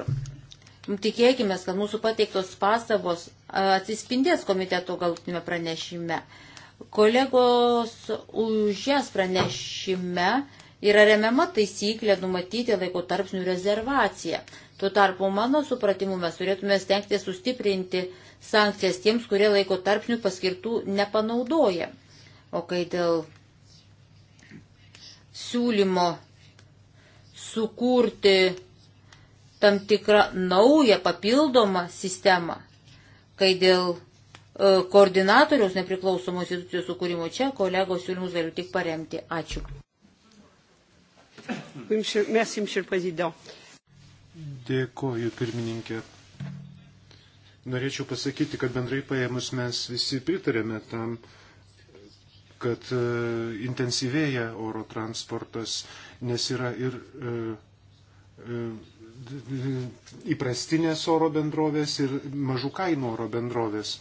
Tikėkime, kad mūsų pateiktos pastabos atsispindės komiteto galutinėme pranešime. Kolegos už jas pranešime yra remiama taisyklė numatyti laiko tarpsnių rezervaciją. Tuo tarpu mano supratimu mes turėtume stengti sustiprinti sankcijas tiems, kurie laiko tarpsnių paskirtų nepanaudoja. O kai dėl siūlymo sukurti tam tikrą naują papildomą sistemą, kai dėl e, koordinatoriaus nepriklausomų institucijų sukūrimo čia kolegos siūlymus galiu tik paremti. Ačiū. Merci, monsieur le président. Dėkoju, pirmininkė. Norėčiau pasakyti, kad bendrai paėmus mes visi pritarėme tam, kad e, intensyvėja oro transportas, nes yra ir. Uh, uh, įprastinės oro bendrovės ir mažų kainų oro bendrovės.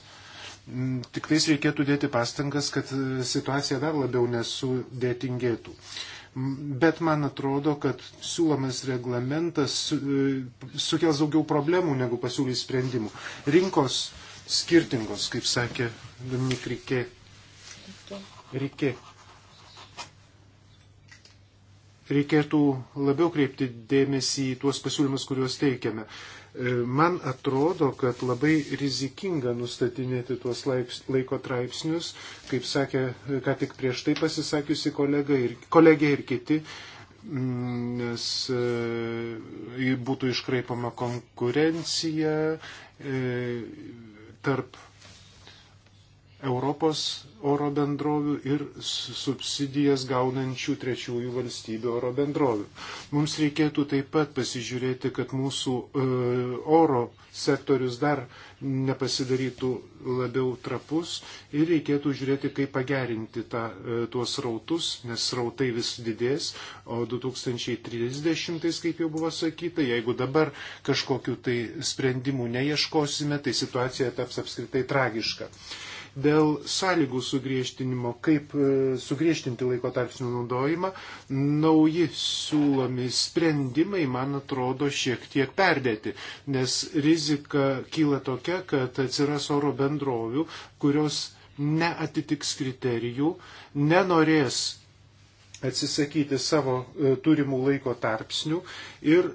Mm, tik tais reikėtų dėti pastangas, kad situacija dar labiau nesudėtingėtų. Mm, bet man atrodo, kad siūlomas reglamentas e, sukels daugiau problemų negu pasiūlys sprendimų. Rinkos skirtingos, kaip sakė Dominik Rikė. Rikė reikėtų labiau kreipti dėmesį į tuos pasiūlymus, kuriuos teikiame. E, man atrodo, kad labai rizikinga nustatinėti tuos laiko traipsnius, kaip sakė, ką tik prieš tai pasisakiusi kolega ir, kolegė ir kiti, mm, nes e, būtų iškraipama konkurencija e, tarp Europos oro bendrovių ir subsidijas gaunančių trečiųjų valstybių oro bendrovių. Mums reikėtų taip pat pasižiūrėti, kad mūsų e, oro sektorius dar nepasidarytų labiau trapus ir reikėtų žiūrėti, kaip pagerinti tą, e, tuos rautus, nes rautai vis didės, o 2030, kaip jau buvo sakyta, jeigu dabar kažkokiu tai sprendimu neieškosime, tai situacija taps apskritai tragiška dėl sąlygų sugriežtinimo, kaip e, sugriežtinti laiko tarpsnių naudojimą, nauji siūlomi sprendimai, man atrodo, šiek tiek perdėti, nes rizika kyla tokia, kad atsiras oro bendrovių, kurios neatitiks kriterijų, nenorės atsisakyti savo e, turimų laiko tarpsnių ir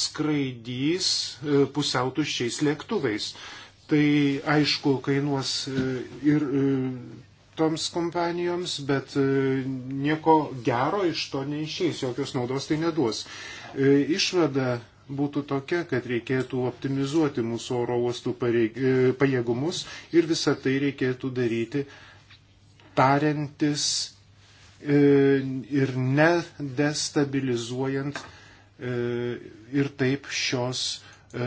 skraidys e, pusiautuščiais lėktuvais tai aišku kainuos e, ir e, toms kompanijoms, bet e, nieko gero iš to neišės, jokios naudos tai neduos. Išvada būtų tokia, kad reikėtų optimizuoti mūsų oro uostų pareig... pajėgumus ir visą tai reikėtų daryti tariantis ir nedestabilizuojant ir taip šios E,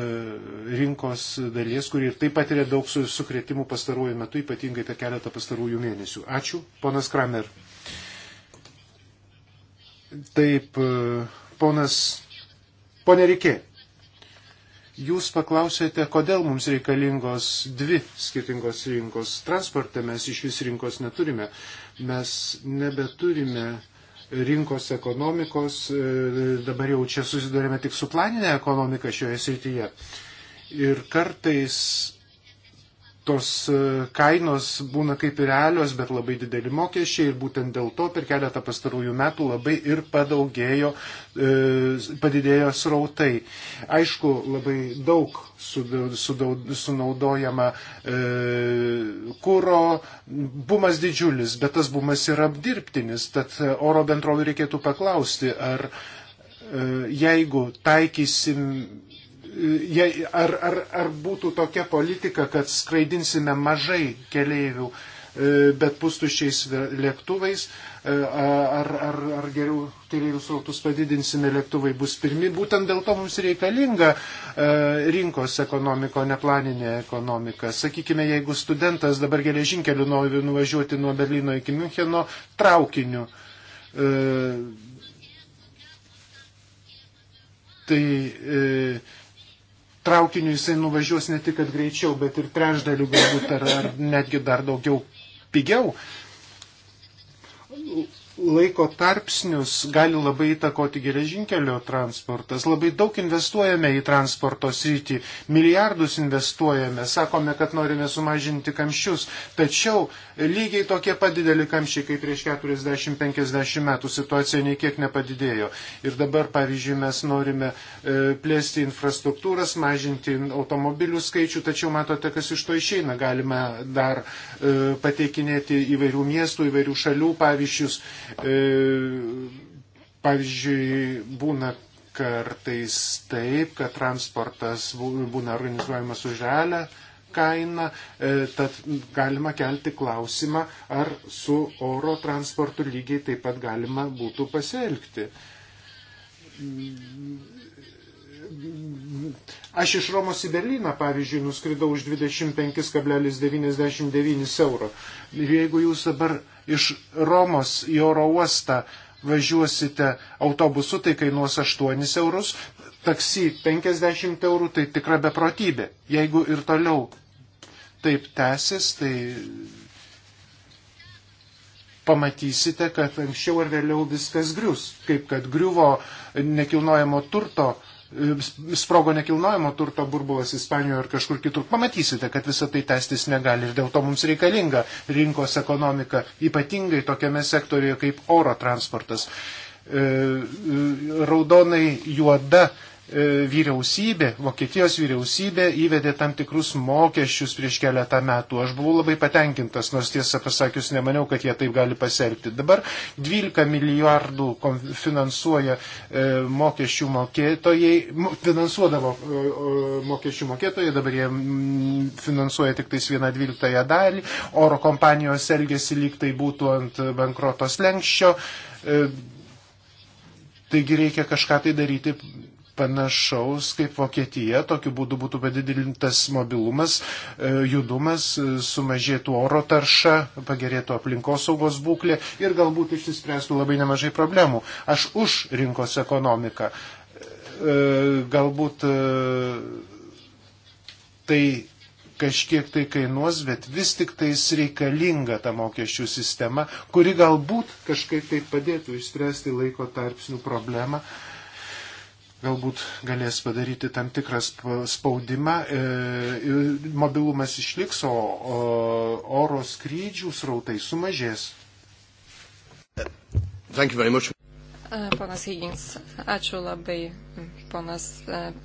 rinkos dalies, kuri ir taip patiria daug sukretimų pastaruoju metu, ypatingai per keletą pastarųjų mėnesių. Ačiū, ponas Kramer. Taip, e, ponas, ponė Rikė, jūs paklausėte, kodėl mums reikalingos dvi skirtingos rinkos. Transporte mes iš vis rinkos neturime. Mes nebeturime rinkos ekonomikos, e, dabar jau čia susidurėme tik su planinė ekonomika šioje srityje. Ir kartais tos e, kainos būna kaip ir realios, bet labai dideli mokesčiai ir būtent dėl to per keletą pastarųjų metų labai ir padaugėjo, e, padidėjo srautai. Aišku, labai daug sunaudojama e, kūro, bumas didžiulis, bet tas bumas yra apdirbtinis, tad oro bendrovį reikėtų paklausti, ar jeigu taikysim ar, ar, ar būtų tokia politika, kad skraidinsime mažai keleivių, e, bet pustuščiais lėktuvais, e, ar, ar, ar geriau keleivių srautus padidinsime, lėktuvai bus pirmi. Būtent dėl to mums reikalinga e, rinkos ekonomika, o ne planinė ekonomika. Sakykime, jeigu studentas dabar geležinkeliu nori nuvažiuoti nuo Berlyno iki Müncheno traukiniu, tai traukiniu jisai nuvažiuos ne tik, kad greičiau, bet ir trečdaliu galbūt ar, ar netgi dar daugiau pigiau. Laiko tarpsnius gali labai įtakoti geležinkelio transportas. Labai daug investuojame į transporto sritį, milijardus investuojame, sakome, kad norime sumažinti kamščius, tačiau lygiai tokie padideli kamščiai kaip prieš 40-50 metų. Situacija niekiek nepadidėjo. Ir dabar, pavyzdžiui, mes norime e, plėsti infrastruktūras, mažinti automobilių skaičių, tačiau matote, kas iš to išeina. Galime dar e, pateikinėti įvairių miestų, įvairių šalių pavyzdžius. E, pavyzdžiui, būna kartais taip, kad transportas būna organizuojamas už žalę kaina, e, tad galima kelti klausimą, ar su oro transportu lygiai taip pat galima būtų pasielgti. Aš iš Romos į Berliną, pavyzdžiui, nuskridau už 25,99 euro. Ir jeigu jūs dabar iš Romos į oro uostą važiuosite autobusu, tai kainuos 8 eurus, taksi 50 eurų, tai tikra beprotybė. Jeigu ir toliau taip tęsis, tai pamatysite, kad anksčiau ar vėliau viskas grius, kaip kad griuvo nekilnojamo turto, sprogo nekilnojamo turto burbulas Ispanijoje ar kažkur kitur. Pamatysite, kad visa tai tęstis negali ir dėl to mums reikalinga rinkos ekonomika, ypatingai tokiame sektorijoje kaip oro transportas. E, e, raudonai juoda E, vyriausybė, Vokietijos vyriausybė įvedė tam tikrus mokesčius prieš keletą metų. Aš buvau labai patenkintas, nors tiesą pasakius nemaniau, kad jie taip gali pasielgti. Dabar 12 milijardų finansuoja e, mokesčių mokėtojai, finansuodavo e, mokesčių mokėtojai, dabar jie finansuoja tik tais vieną dvyliktąją dalį, oro kompanijos elgesi lyg tai būtų ant bankrotos lenkščio. Taigi reikia kažką tai daryti panašaus kaip Vokietija, tokiu būdu būtų padidintas mobilumas, e, judumas, e, sumažėtų oro tarša, pagerėtų aplinkosaugos būklė ir galbūt išsispręstų labai nemažai problemų. Aš už rinkos ekonomiką. E, galbūt tai kažkiek tai kainuos, bet vis tik tais reikalinga ta mokesčių sistema, kuri galbūt kažkaip tai padėtų išspręsti laiko tarpsnių problemą. Uh, galbūt galės padaryti tam tikrą spaudimą. E, mobilumas išliks, o oro skrydžių srautai sumažės. Ponas Higgins, ačiū labai, ponas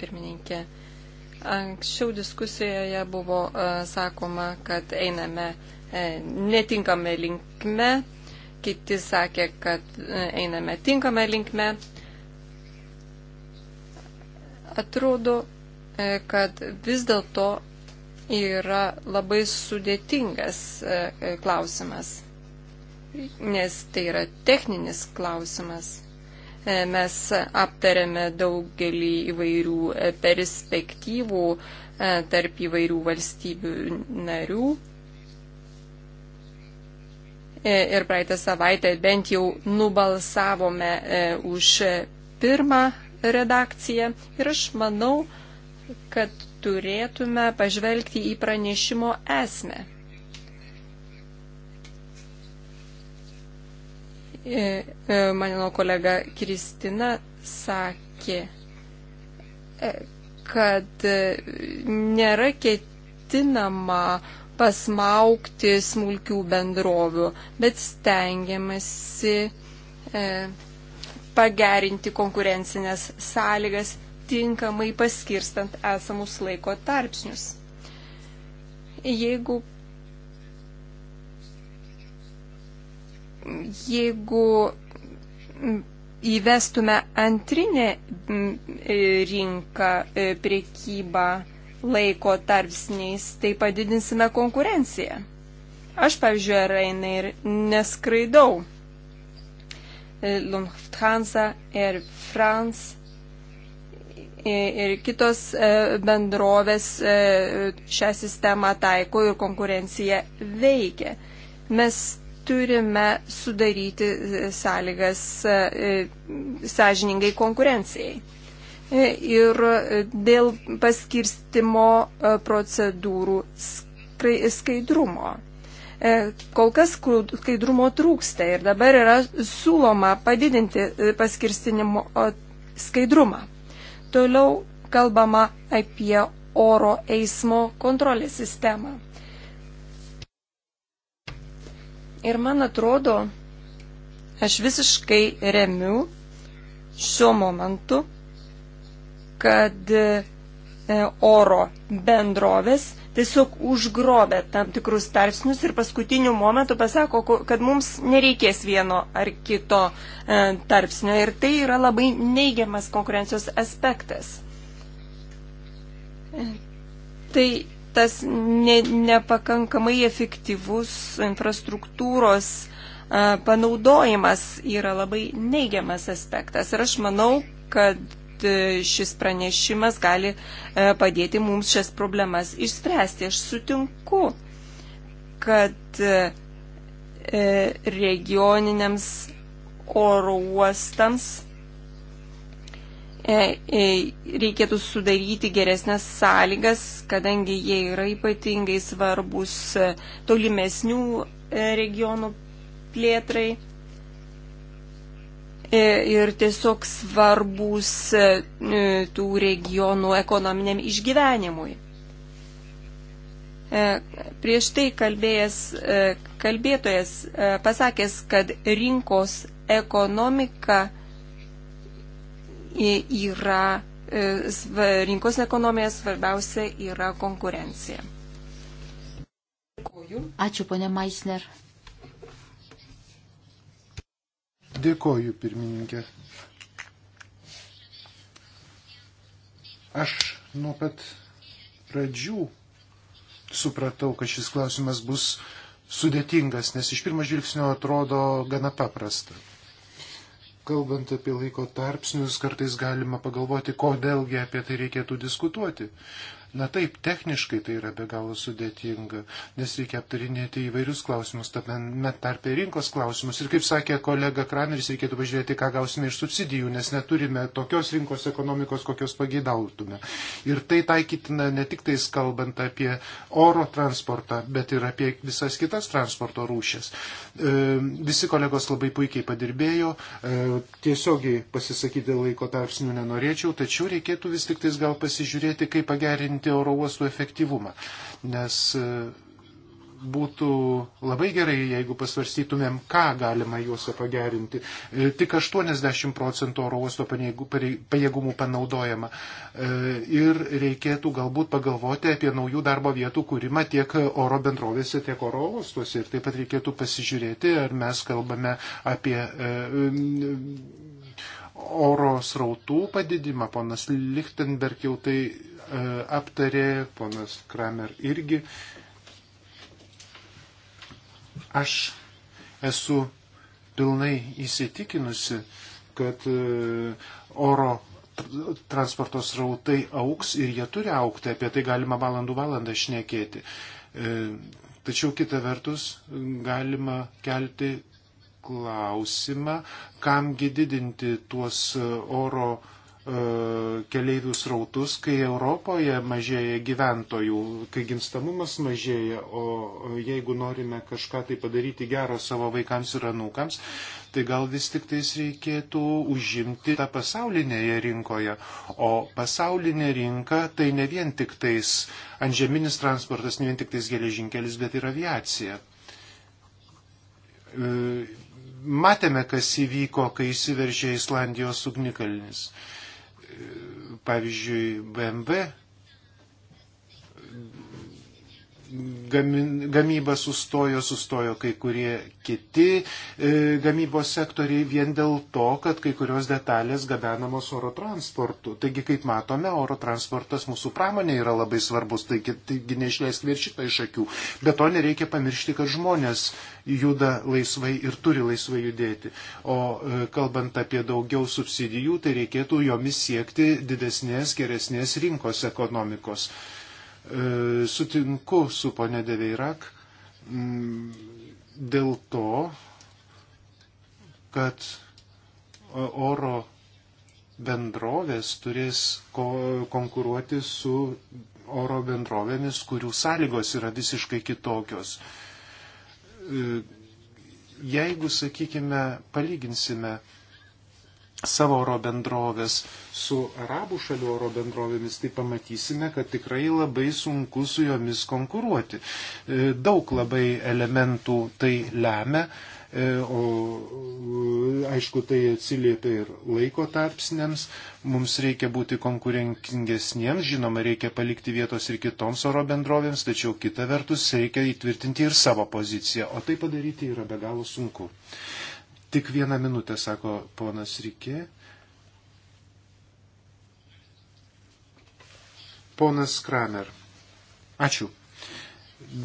pirmininkė. Anksčiau diskusijoje buvo sakoma, kad einame e, netinkame linkme, kiti sakė, kad e, einame tinkame linkme atrodo, e, kad vis dėlto yra labai sudėtingas e, e, klausimas, nes tai yra techninis klausimas. Mes aptarėme daugelį įvairių perspektyvų tarp įvairių valstybių narių. Ir praeitą savaitę bent jau nubalsavome už pirmą redakcija ir aš manau, kad turėtume pažvelgti į pranešimo esmę. E, e, mano kolega Kristina sakė, e, kad nėra ketinama pasmaukti smulkių bendrovių, bet stengiamasi e, pagerinti konkurencinės sąlygas, tinkamai paskirstant esamus laiko tarpsnius. Jeigu, jeigu įvestume antrinę e, rinką e, priekybą laiko tarpsniais, tai padidinsime konkurenciją. Aš, pavyzdžiui, Rainai ir neskraidau E, Lufthansa, Air France e, ir kitos e, bendrovės šią sistemą taiko ir konkurencija veikia. Mes turime sudaryti sąlygas sąžiningai konkurencijai. Ir dėl paskirstimo procedūrų skaidrumo. E, kol kas skaidrumo trūksta ir dabar yra siūloma padidinti e, paskirstinimo skaidrumą. Toliau kalbama apie oro eismo kontrolės sistemą. Ir man atrodo, aš visiškai remiu šiuo momentu, kad e, E, oro bendrovės tiesiog užgrobė tam tikrus tarpsnius ir paskutiniu momentu pasako, kad mums nereikės vieno ar kito e, tarpsnio. Ir tai yra labai neigiamas konkurencijos aspektas. E, tai tas ne, nepakankamai efektyvus infrastruktūros panaudojimas yra labai neigiamas aspektas. Ir aš manau, kad kad e, šis pranešimas gali e, padėti mums šias problemas išspręsti. Aš sutinku, kad e, regioniniams oro uostams reikėtų sudaryti geresnės sąlygas, kadangi jie yra ypatingai svarbus tolimesnių regionų plėtrai. E, ir tiesiog svarbus e, e, tų regionų ekonominiam išgyvenimui. Prieš tai kalbėjęs, kalbėtojas pasakęs, kad rinkos ekonomika yra, rinkos ekonomija svarbiausia yra konkurencija. Ačiū, ponė Maisner. Dėkoju, pirmininkė. Aš nuo pat pradžių supratau, kad šis klausimas bus sudėtingas, nes iš pirmo žvilgsnio atrodo gana paprasta. Kalbant apie laiko tarpsnius, kartais galima pagalvoti, kodėlgi apie tai reikėtų diskutuoti. Na taip, techniškai tai yra be galo sudėtinga, nes reikia aptarinėti įvairius klausimus, tame tarpe rinkos klausimus. Ir kaip sakė kolega Kraneris, reikėtų pažiūrėti, ką gausime iš subsidijų, nes neturime tokios rinkos ekonomikos, kokios pageidautume. Ir tai taikytina ne tik tais kalbant apie oro transportą, bet ir apie visas kitas transporto rūšės. E, visi kolegos labai puikiai padirbėjo, e, tiesiogiai pasisakyti laiko tarpsnių nenorėčiau, tačiau reikėtų vis tik tais gal pasižiūrėti, kaip pagerinti padidinti oro uostų efektyvumą. Nes e, būtų labai gerai, jeigu pasvarstytumėm, ką galima juose pagerinti. E, tik 80 procentų oro uosto pajėgumų panaudojama. E, ir reikėtų galbūt pagalvoti apie naujų darbo vietų kūrimą tiek oro bendrovėse, tiek oro uostuose. Ir taip pat reikėtų pasižiūrėti, ar mes kalbame apie oro srautų padidimą. Ponas Lichtenberg jau tai E, aptarė, ponas Kramer irgi. Aš esu pilnai įsitikinusi, kad e, oro transporto srautai auks ir jie turi aukti, apie tai galima valandų valandą šnekėti. E, tačiau kita vertus galima kelti klausimą, kamgi didinti tuos oro E, keleivių srautus, kai Europoje mažėja gyventojų, kai gimstamumas mažėja, o jeigu norime kažką tai padaryti gero savo vaikams ir anūkams, tai gal vis tik tais reikėtų užimti tą pasaulinėje rinkoje. O pasaulinė rinka tai ne vien tik tais antžeminis transportas, ne vien tik tais geležinkelis, bet ir aviacija e, matėme, kas įvyko, kai įsiveržė Islandijos ugnikalnis pavyzdžiui, BMW gamin, gamyba sustojo, sustojo kai kurie kiti e, gamybos sektoriai vien dėl to, kad kai kurios detalės gabenamos oro transportu. Taigi, kaip matome, oro transportas mūsų pramonė yra labai svarbus, taigi, taigi neišleiskime ir šitą iš akių. Bet to nereikia pamiršti, kad žmonės juda laisvai ir turi laisvai judėti. O e, kalbant apie daugiau subsidijų, tai reikėtų jomis siekti didesnės, geresnės rinkos ekonomikos. Thank you E, sutinku su ponė Deveirak mm, dėl to, kad oro bendrovės turės ko, konkuruoti su oro bendrovėmis, kurių sąlygos yra visiškai kitokios. E, jeigu, sakykime, palyginsime savo oro bendrovės su arabų šalių oro bendrovėmis, tai pamatysime, kad tikrai labai sunku su jomis konkuruoti. E, daug labai elementų tai lemia. E, o e, aišku, tai atsiliepia ir laiko tarpsniams. Mums reikia būti konkurencingesniems, žinoma, reikia palikti vietos ir kitoms oro bendrovėms, tačiau kita vertus reikia įtvirtinti ir savo poziciją, o tai padaryti yra be galo sunku. Tik vieną minutę, sako ponas Rikė. Ponas Kramer. Ačiū.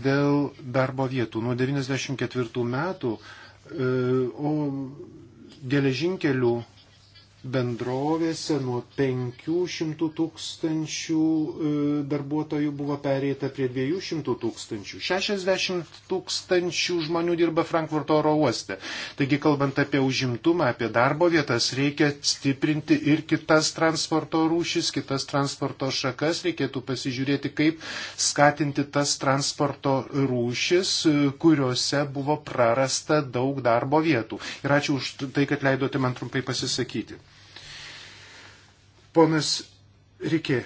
Dėl darbo vietų. Nuo 94 metų e, o geležinkelių bendrovėse nuo 500 tūkstančių e, darbuotojų buvo pereita prie 200 tūkstančių. 60 tūkstančių žmonių dirba Frankfurto oro uoste. Taigi, kalbant apie užimtumą, apie darbo vietas, reikia stiprinti ir kitas transporto rūšis, kitas transporto šakas. Reikėtų pasižiūrėti, kaip skatinti tas transporto rūšis, e, kuriuose buvo prarasta daug darbo vietų. Ir ačiū už tai, kad leidote man trumpai pasisakyti. Ponas Rikė,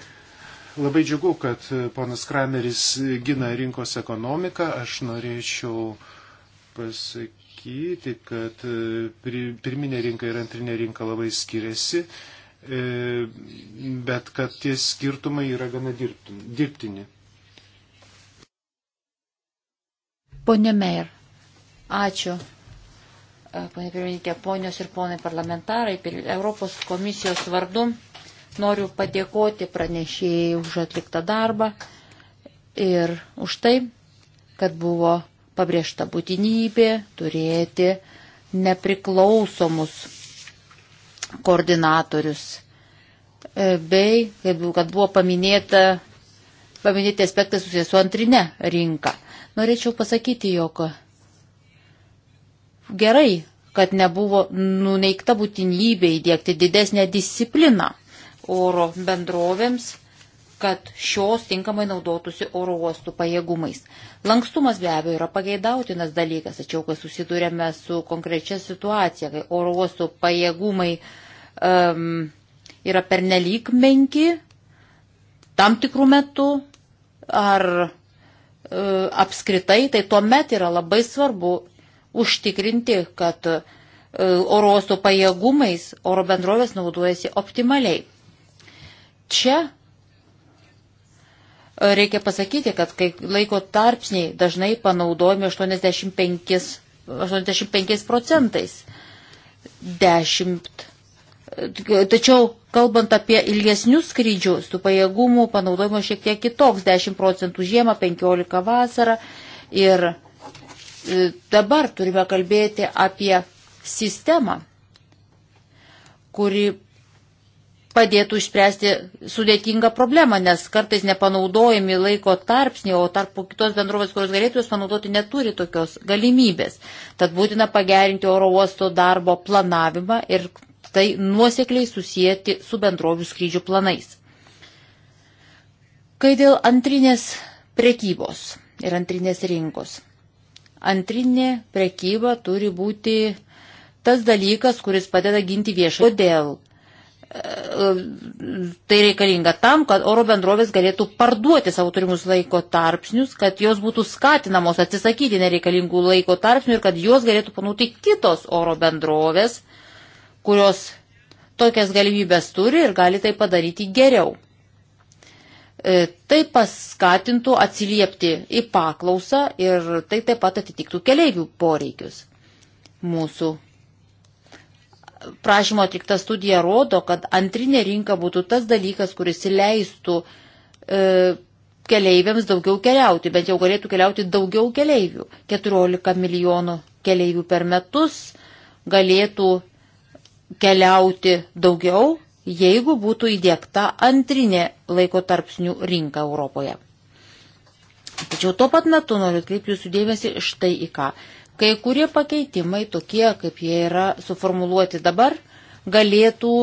labai džiugu, kad ponas Krameris gina rinkos ekonomiką. Aš norėčiau pasakyti, kad pirminė rinka ir antrinė rinka labai skiriasi, e, bet kad tie skirtumai yra gana dirbtini. Pone Meir, ačiū. Pone pirmininkė, ponios ir ponai parlamentarai, Europos komisijos vardu Noriu padėkoti pranešėjai už atliktą darbą ir už tai, kad buvo pabrėžta būtinybė turėti nepriklausomus koordinatorius. E, bei, kad buvo paminėta, paminėti aspektai susijęs su antrinė rinka. Norėčiau pasakyti, jog gerai, kad nebuvo nuneikta būtinybė įdėkti didesnę discipliną oro bendrovėms, kad šios tinkamai naudotųsi oro uostų pajėgumais. Lankstumas be abejo yra pageidautinas dalykas, tačiau kai susidurėme su konkrečia situacija, kai oro uostų pajėgumai um, yra pernelyg menki tam tikrų metų ar e, apskritai, tai tuomet yra labai svarbu užtikrinti, kad e, oro uosto pajėgumais oro bendrovės naudojasi optimaliai čia reikia pasakyti, kad kai laiko tarpsniai dažnai panaudojami 85, 85 procentais. 10. Tačiau, kalbant apie ilgesnius skrydžius, tų pajėgumų panaudojimo šiek tiek kitoks - 10 procentų žiemą, 15 vasarą. Ir e, dabar turime kalbėti apie sistemą, kuri padėtų išspręsti sudėtingą problemą, nes kartais nepanaudojami laiko tarpsniai, o tarp kitos bendrovės, kurios galėtų juos panaudoti, neturi tokios galimybės. Tad būtina pagerinti oro uosto darbo planavimą ir tai nuosekliai susijęti su bendrovių skrydžių planais. Kai dėl antrinės prekybos ir antrinės rinkos. Antrinė prekyba turi būti tas dalykas, kuris padeda ginti viešą. Kodėl? tai reikalinga tam, kad oro bendrovės galėtų parduoti savo turimus laiko tarpsnius, kad jos būtų skatinamos atsisakyti nereikalingų laiko tarpsnių ir kad jos galėtų panauti kitos oro bendrovės, kurios tokias galimybės turi ir gali tai padaryti geriau. E, tai paskatintų atsiliepti į paklausą ir tai taip pat atitiktų keleivių poreikius. Mūsų prašymo atlikta studija rodo, kad antrinė rinka būtų tas dalykas, kuris leistų e, keleiviams daugiau keliauti, bent jau galėtų keliauti daugiau keleivių. 14 milijonų keleivių per metus galėtų keliauti daugiau, jeigu būtų įdėkta antrinė laiko tarpsnių rinka Europoje. Tačiau tuo pat metu noriu atkreipti jūsų dėmesį štai į ką. Kai kurie pakeitimai, tokie kaip jie yra suformuluoti dabar, galėtų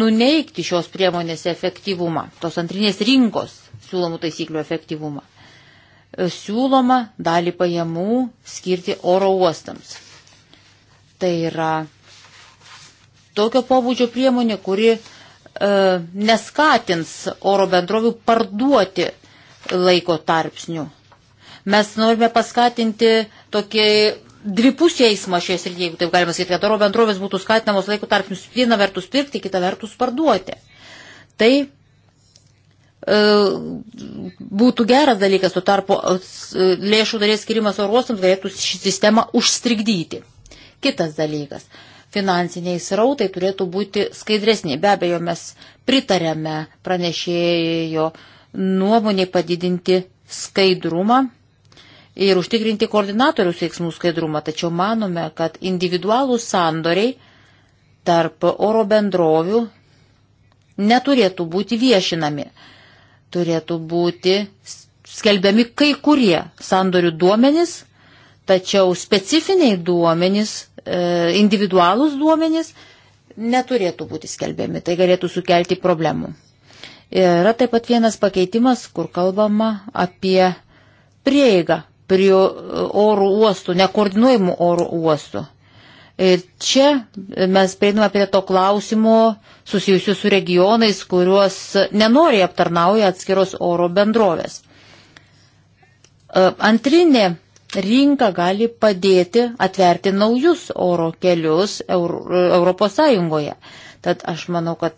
nuneikti šios priemonės efektyvumą, tos antrinės rinkos siūlomų taisyklių efektyvumą. Siūloma dalį pajamų skirti oro uostams. Tai yra tokio pobūdžio priemonė, kuri e, neskatins oro bendrovių parduoti laiko tarpsnių Mes norime paskatinti tokį dvipusį eismą šioje srityje, jeigu taip galima sakyti, kad oro bendrovės būtų skatinamos laiko tarpsnius vieną vertus pirkti, kitą vertus parduoti. Tai e, būtų geras dalykas, tuo tarpu e, lėšų dalies skirimas orostams galėtų šį sistemą užstrigdyti. Kitas dalykas finansiniai srautai turėtų būti skaidresni. Be abejo, mes pritarėme pranešėjo nuomonė padidinti skaidrumą ir užtikrinti koordinatorius veiksmų skaidrumą, tačiau manome, kad individualūs sandoriai tarp oro bendrovių neturėtų būti viešinami, turėtų būti skelbiami kai kurie sandorių duomenys, tačiau specifiniai duomenys, e, individualūs duomenys neturėtų būti skelbiami, tai galėtų sukelti problemų. Yra taip pat vienas pakeitimas, kur kalbama apie prieigą prie e, oro uostų, nekoordinuojamų oro uostų. Ir e, čia mes prieiname prie to klausimo susijusiu su regionais, kuriuos nenoriai aptarnauja atskiros oro bendrovės. E, antrinė rinka gali padėti atverti naujus oro kelius Europos Sąjungoje. Tad aš manau, kad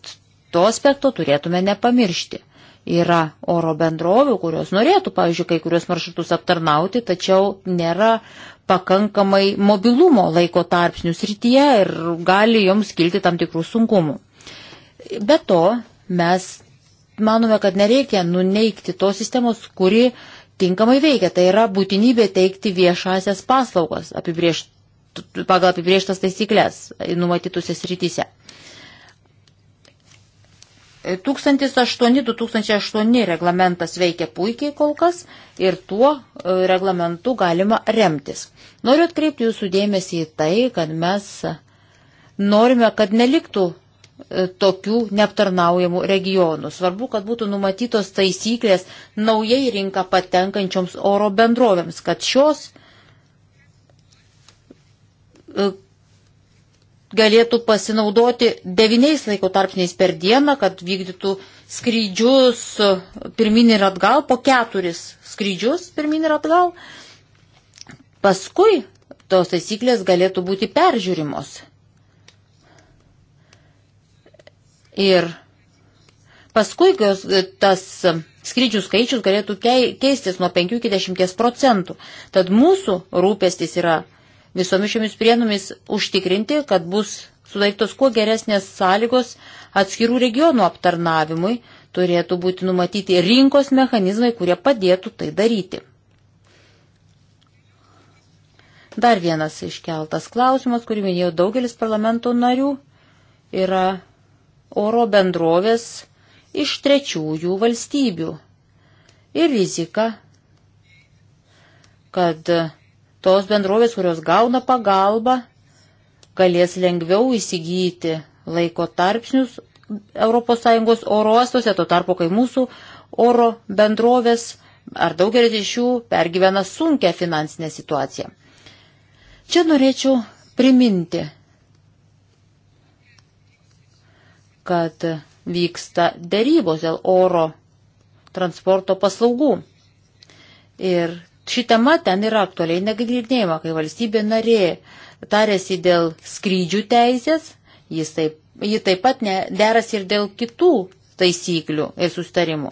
to aspekto turėtume nepamiršti. Yra oro bendrovių, kurios norėtų, pavyzdžiui, kai kurios maršrutus aptarnauti, tačiau nėra pakankamai mobilumo laiko tarpsnių srityje ir gali joms kilti tam tikrų sunkumų. Be to, mes manome, kad nereikia nuneikti tos sistemos, kuri tinkamai veikia. Tai yra būtinybė teikti viešasias paslaugas apibriešt, pagal apibrieštas taisyklės numatytusias rytise. 1008-2008 reglamentas veikia puikiai kol kas ir tuo e, reglamentu galima remtis. Noriu atkreipti jūsų dėmesį į tai, kad mes norime, kad neliktų e, tokių neaptarnaujamų regionų. Svarbu, kad būtų numatytos taisyklės naujai rinką patenkančioms oro bendrovėms, kad šios e, galėtų pasinaudoti devyniais laiko tarpiniais per dieną, kad vykdytų skrydžius pirmin ir atgal, po keturis skrydžius pirmin ir atgal. Paskui tos taisyklės galėtų būti peržiūrimos. Ir paskui tas skrydžių skaičius galėtų keistis nuo 5 iki 10 procentų. Tad mūsų rūpestis yra visomis šiomis prienomis užtikrinti, kad bus sudarytos kuo geresnės sąlygos atskirų regionų aptarnavimui, turėtų būti numatyti rinkos mechanizmai, kurie padėtų tai daryti. Dar vienas iškeltas klausimas, kurį minėjo daugelis parlamento narių, yra oro bendrovės iš trečiųjų valstybių ir rizika, kad tos bendrovės, kurios gauna pagalbą, galės lengviau įsigyti laiko tarpsnius ES oro uostuose, tuo tarpu, kai mūsų oro bendrovės ar daugelis iš jų pergyvena sunkę finansinę situaciją. Čia norėčiau priminti, kad vyksta dėrybos dėl oro transporto paslaugų. Ir Ši tema ten yra aktualiai nagrinėjama, kai valstybė narė tarėsi dėl skrydžių teisės, jis taip, ji taip pat ne, deras ir dėl kitų taisyklių ir sustarimų.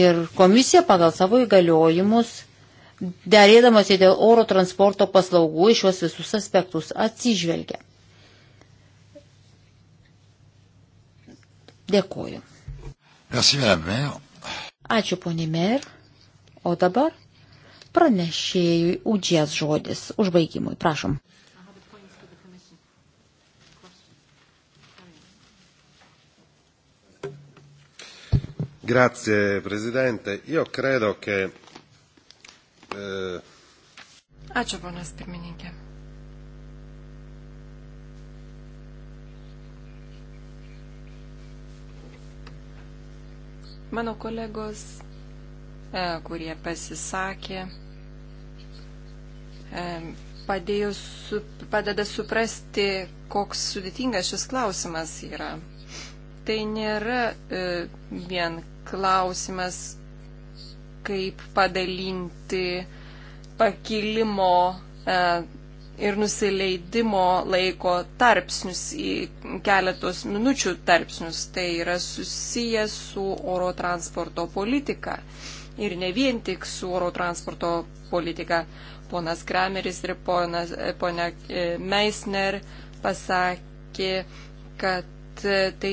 Ir komisija pagal savo įgaliojimus, derėdamasi dėl oro transporto paslaugų, iš juos visus aspektus atsižvelgia. Dėkuoju. Merci, Ačiū, ponė Mer. O dabar pranešėjui Udžės žodis užbaigimui. Prašom. Grazie, prezidente. Io credo che. Eh... Ačiū, ponas pirmininkė. Mano kolegos E, kurie pasisakė, e, padėjo, su, padeda suprasti, koks sudėtingas šis klausimas yra. Tai nėra e, vien klausimas, kaip padalinti pakilimo ir nusileidimo laiko tarpsnius į keletos minučių tarpsnius. Tai yra susijęs su oro transporto politika. E, ir ne vien tik su oro transporto politika. Ponas Krameris ir ponas, e, ponia e, Meisner pasakė, kad e, tai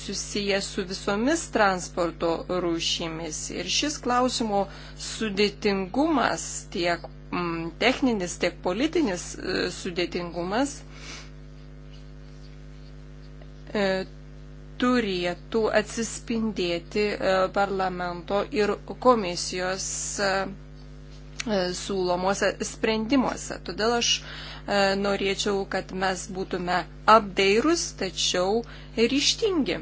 susiję su visomis transporto rūšimis. Ir šis klausimo sudėtingumas, tiek mm, techninis, tiek politinis sudėtingumas, turėtų atsispindėti e, parlamento ir komisijos e, e, siūlomuose sprendimuose. Todėl aš norėčiau, kad mes būtume apdairus, tačiau ryštingi.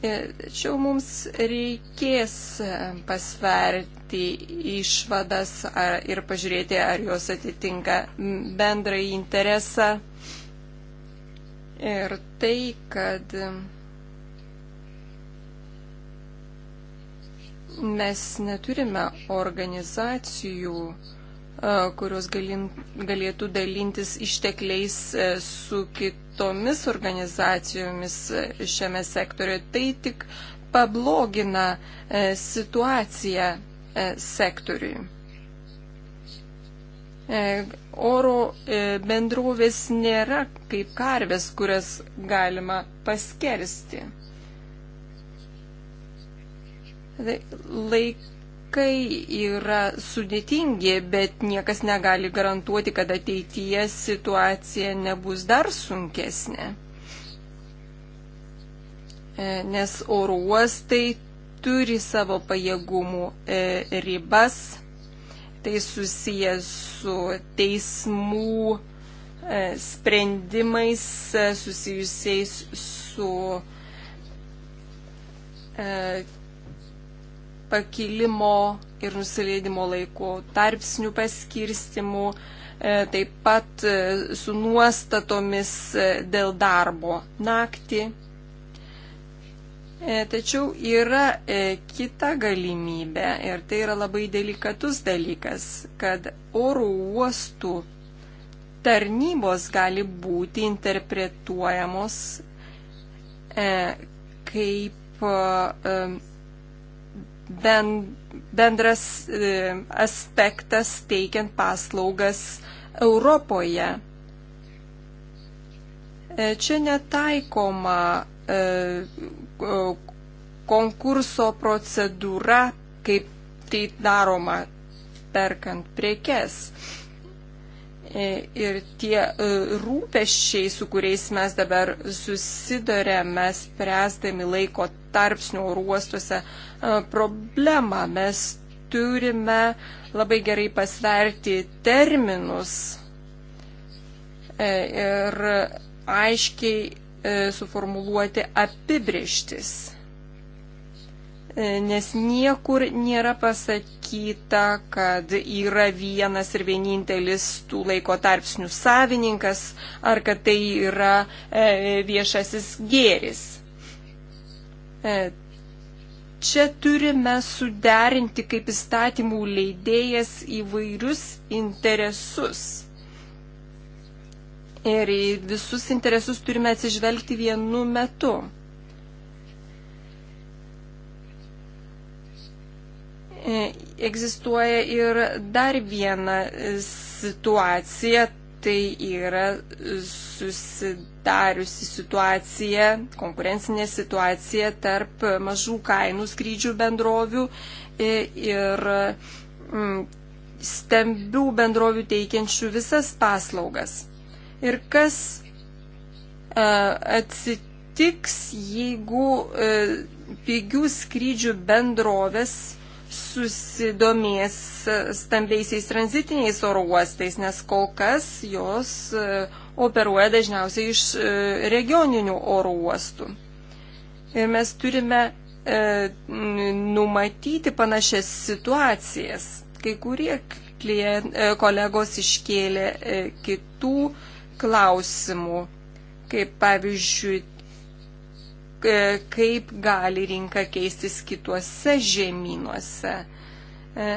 Tačiau mums reikės pasverti išvadas ir pažiūrėti, ar jos atitinka bendrąjį interesą Ir tai, kad mes neturime organizacijų, e, kurios galėtų dalintis ištekliais e, su kitomis organizacijomis e, šiame sektoriuje. Tai tik pablogina situaciją sektoriui oro e, bendrovės nėra kaip karvės, kurias galima paskersti. Laikai yra sudėtingi, bet niekas negali garantuoti, kad ateityje situacija nebus dar sunkesnė. E, nes oro uostai turi savo pajėgumų e, ribas tai susijęs su teismų e, sprendimais e, susijusiais su e, pakilimo ir nusileidimo laiku, tarpsnių paskirstimų, taip pat su nuostatomis dėl darbo naktį E, tačiau yra e, kita galimybė ir tai yra labai delikatus dalykas, kad oro uostų tarnybos gali būti interpretuojamos e, kaip bendras aspektas teikiant paslaugas Europoje. Čia netaikoma konkurso procedūra, kaip tai daroma perkant prekes. E, ir tie e, rūpeščiai, su kuriais mes dabar susidurėme, spręsdami laiko tarpsnių uostuose e, problemą, mes turime labai gerai pasverti terminus ir aiškiai E, suformuluoti apibrieštis, e, nes niekur nėra pasakyta, kad yra vienas ir vienintelis tų laiko tarpsnių savininkas ar kad tai yra e, viešasis gėris. Čia turime suderinti kaip įstatymų leidėjas įvairius interesus Ir į visus interesus turime atsižvelgti vienu metu. E, egzistuoja ir dar viena situacija, tai yra susidariusi situacija, konkurencinė situacija tarp mažų kainų skrydžių bendrovių e, ir mm, stambių bendrovių teikiančių visas paslaugas ir kas atsitiks, jeigu e, pigių skrydžių bendrovės susidomės stambiaisiais tranzitiniais oro uostais, nes kol kas jos e, operuoja dažniausiai iš e, regioninių oro uostų. Ir mes turime numatyti panašias situacijas. Kai kurie klien, kolegos iškėlė kitų klausimų, kaip pavyzdžiui, kaip gali rinka keistis kituose žemynuose. E,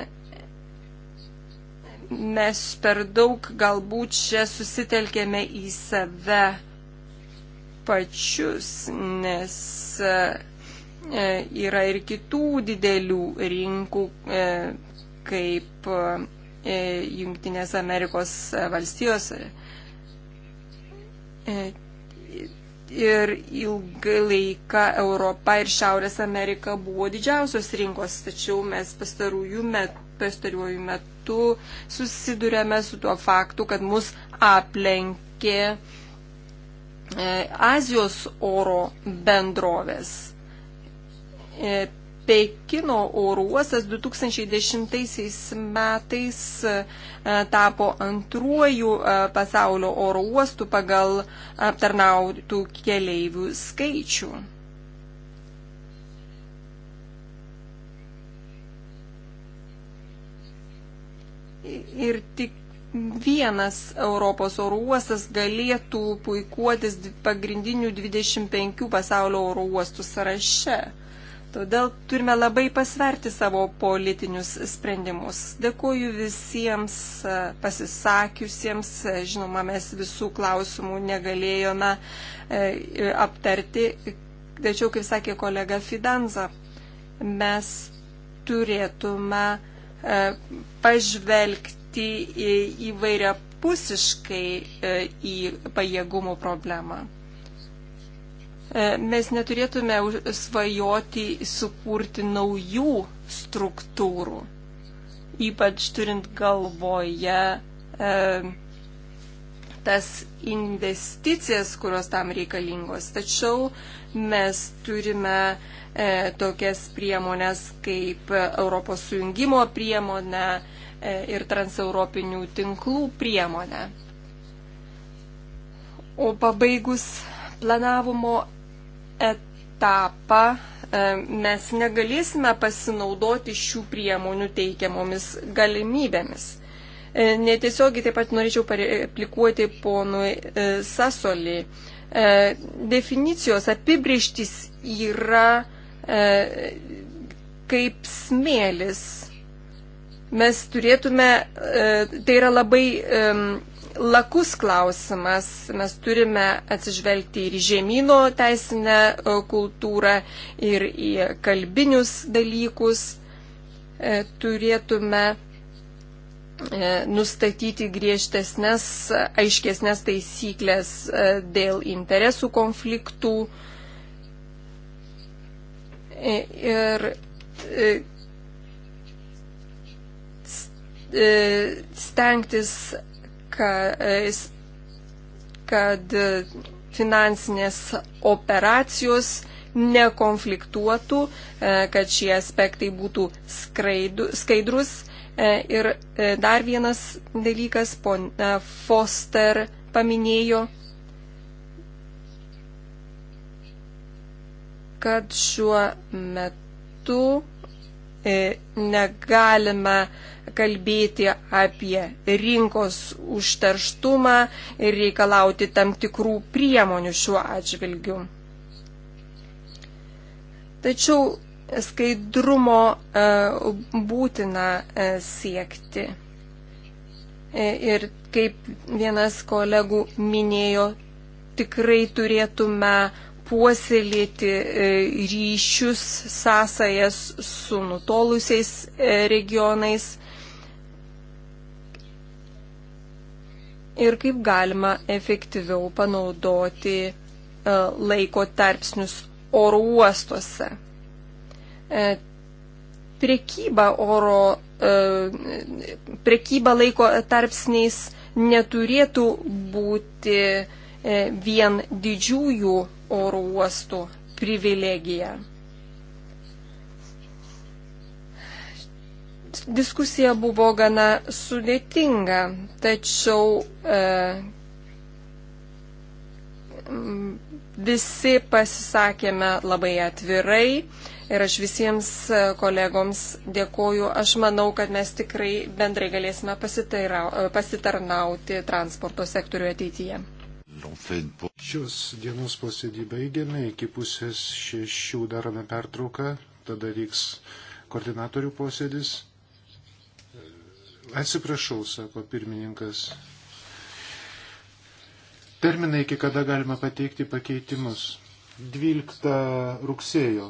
mes per daug galbūt čia susitelkėme į save pačius, nes e, e, yra ir kitų didelių rinkų, kaip Junktinės Amerikos valstijos E, ir ilgai laiką Europa ir Šiaurės Amerika buvo didžiausios rinkos, tačiau mes pastarųjų met, pastaruoju metu susidurėme su tuo faktu, kad mus aplenkė e, Azijos oro bendrovės. E, Pekino oro uostas 2010 metais e, tapo antruoju e, pasaulio oro uostu pagal aptarnautų keleivių skaičių. Ir tik vienas Europos oro uostas galėtų puikuotis pagrindinių 25 pasaulio oro uostų sąraše. Todėl turime labai pasverti savo politinius sprendimus. Dėkuoju visiems e, pasisakiusiems. E, žinoma, mes visų klausimų negalėjome e, aptarti. Tačiau, kaip sakė kolega Fidanza, mes turėtume pažvelgti įvairia pusiškai į pajėgumų problemą. E, mes neturėtume svajoti sukurti naujų struktūrų, ypač turint galvoje e, tas investicijas, kurios tam reikalingos. Tačiau mes turime e, tokias priemonės kaip Europos sujungimo priemonė e, ir transeuropinių tinklų priemonė. O pabaigus planavimo etapą e, mes negalėsime pasinaudoti šių priemonių teikiamomis galimybėmis. E, netiesiogiai taip pat norėčiau aplikuoti ponui e, Sasolį. Definicijos apibrieštis yra kaip smėlis. Mes turėtume, tai yra labai lakus klausimas. Mes turime atsižvelgti ir į žemynų teisinę e, kultūrą, ir į kalbinius dalykus. E, turėtume e, nustatyti griežtesnės, aiškesnės taisyklės dėl interesų konfliktų. Ir stengtis E, kad e, finansinės operacijos nekonfliktuotų, e, kad šie aspektai būtų skaidrus. Ir dar vienas dalykas, ponia Foster paminėjo, kad šiuo metu E, negalime kalbėti apie rinkos užterštumą ir reikalauti tam tikrų priemonių šiuo atžvilgiu. Tačiau skaidrumo e, būtina e, siekti. Ir kaip vienas kolegų minėjo, tikrai turėtume puoselėti e, ryšius, sąsajas su nutolusiais e, regionais ir kaip galima efektyviau panaudoti e, laiko tarpsnius oro uostuose. Prekyba, oro, prekyba laiko tarpsniais neturėtų būti E, vien didžiųjų oro uostų privilegija. Diskusija buvo gana sudėtinga, tačiau e, visi pasisakėme labai atvirai ir aš visiems e, kolegoms dėkoju. Aš manau, kad mes tikrai bendrai galėsime pasitarnauti transporto sektoriuje ateityje. Šios dienos posėdį baigiame, iki pusės šešių darome pertrauką, tada vyks koordinatorių posėdis. Atsiprašau, sako pirmininkas. Terminai, iki kada galima pateikti pakeitimus. 12 rugsėjo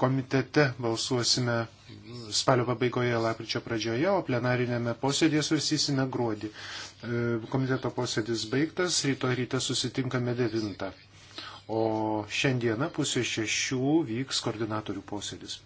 komitete balsuosime spalio pabaigoje, lapkričio pradžioje, o plenarinėme posėdėje svarstysime gruodį. E, komiteto posėdis baigtas, ryto ryte susitinkame 9. O šiandieną pusė šešių vyks koordinatorių posėdis.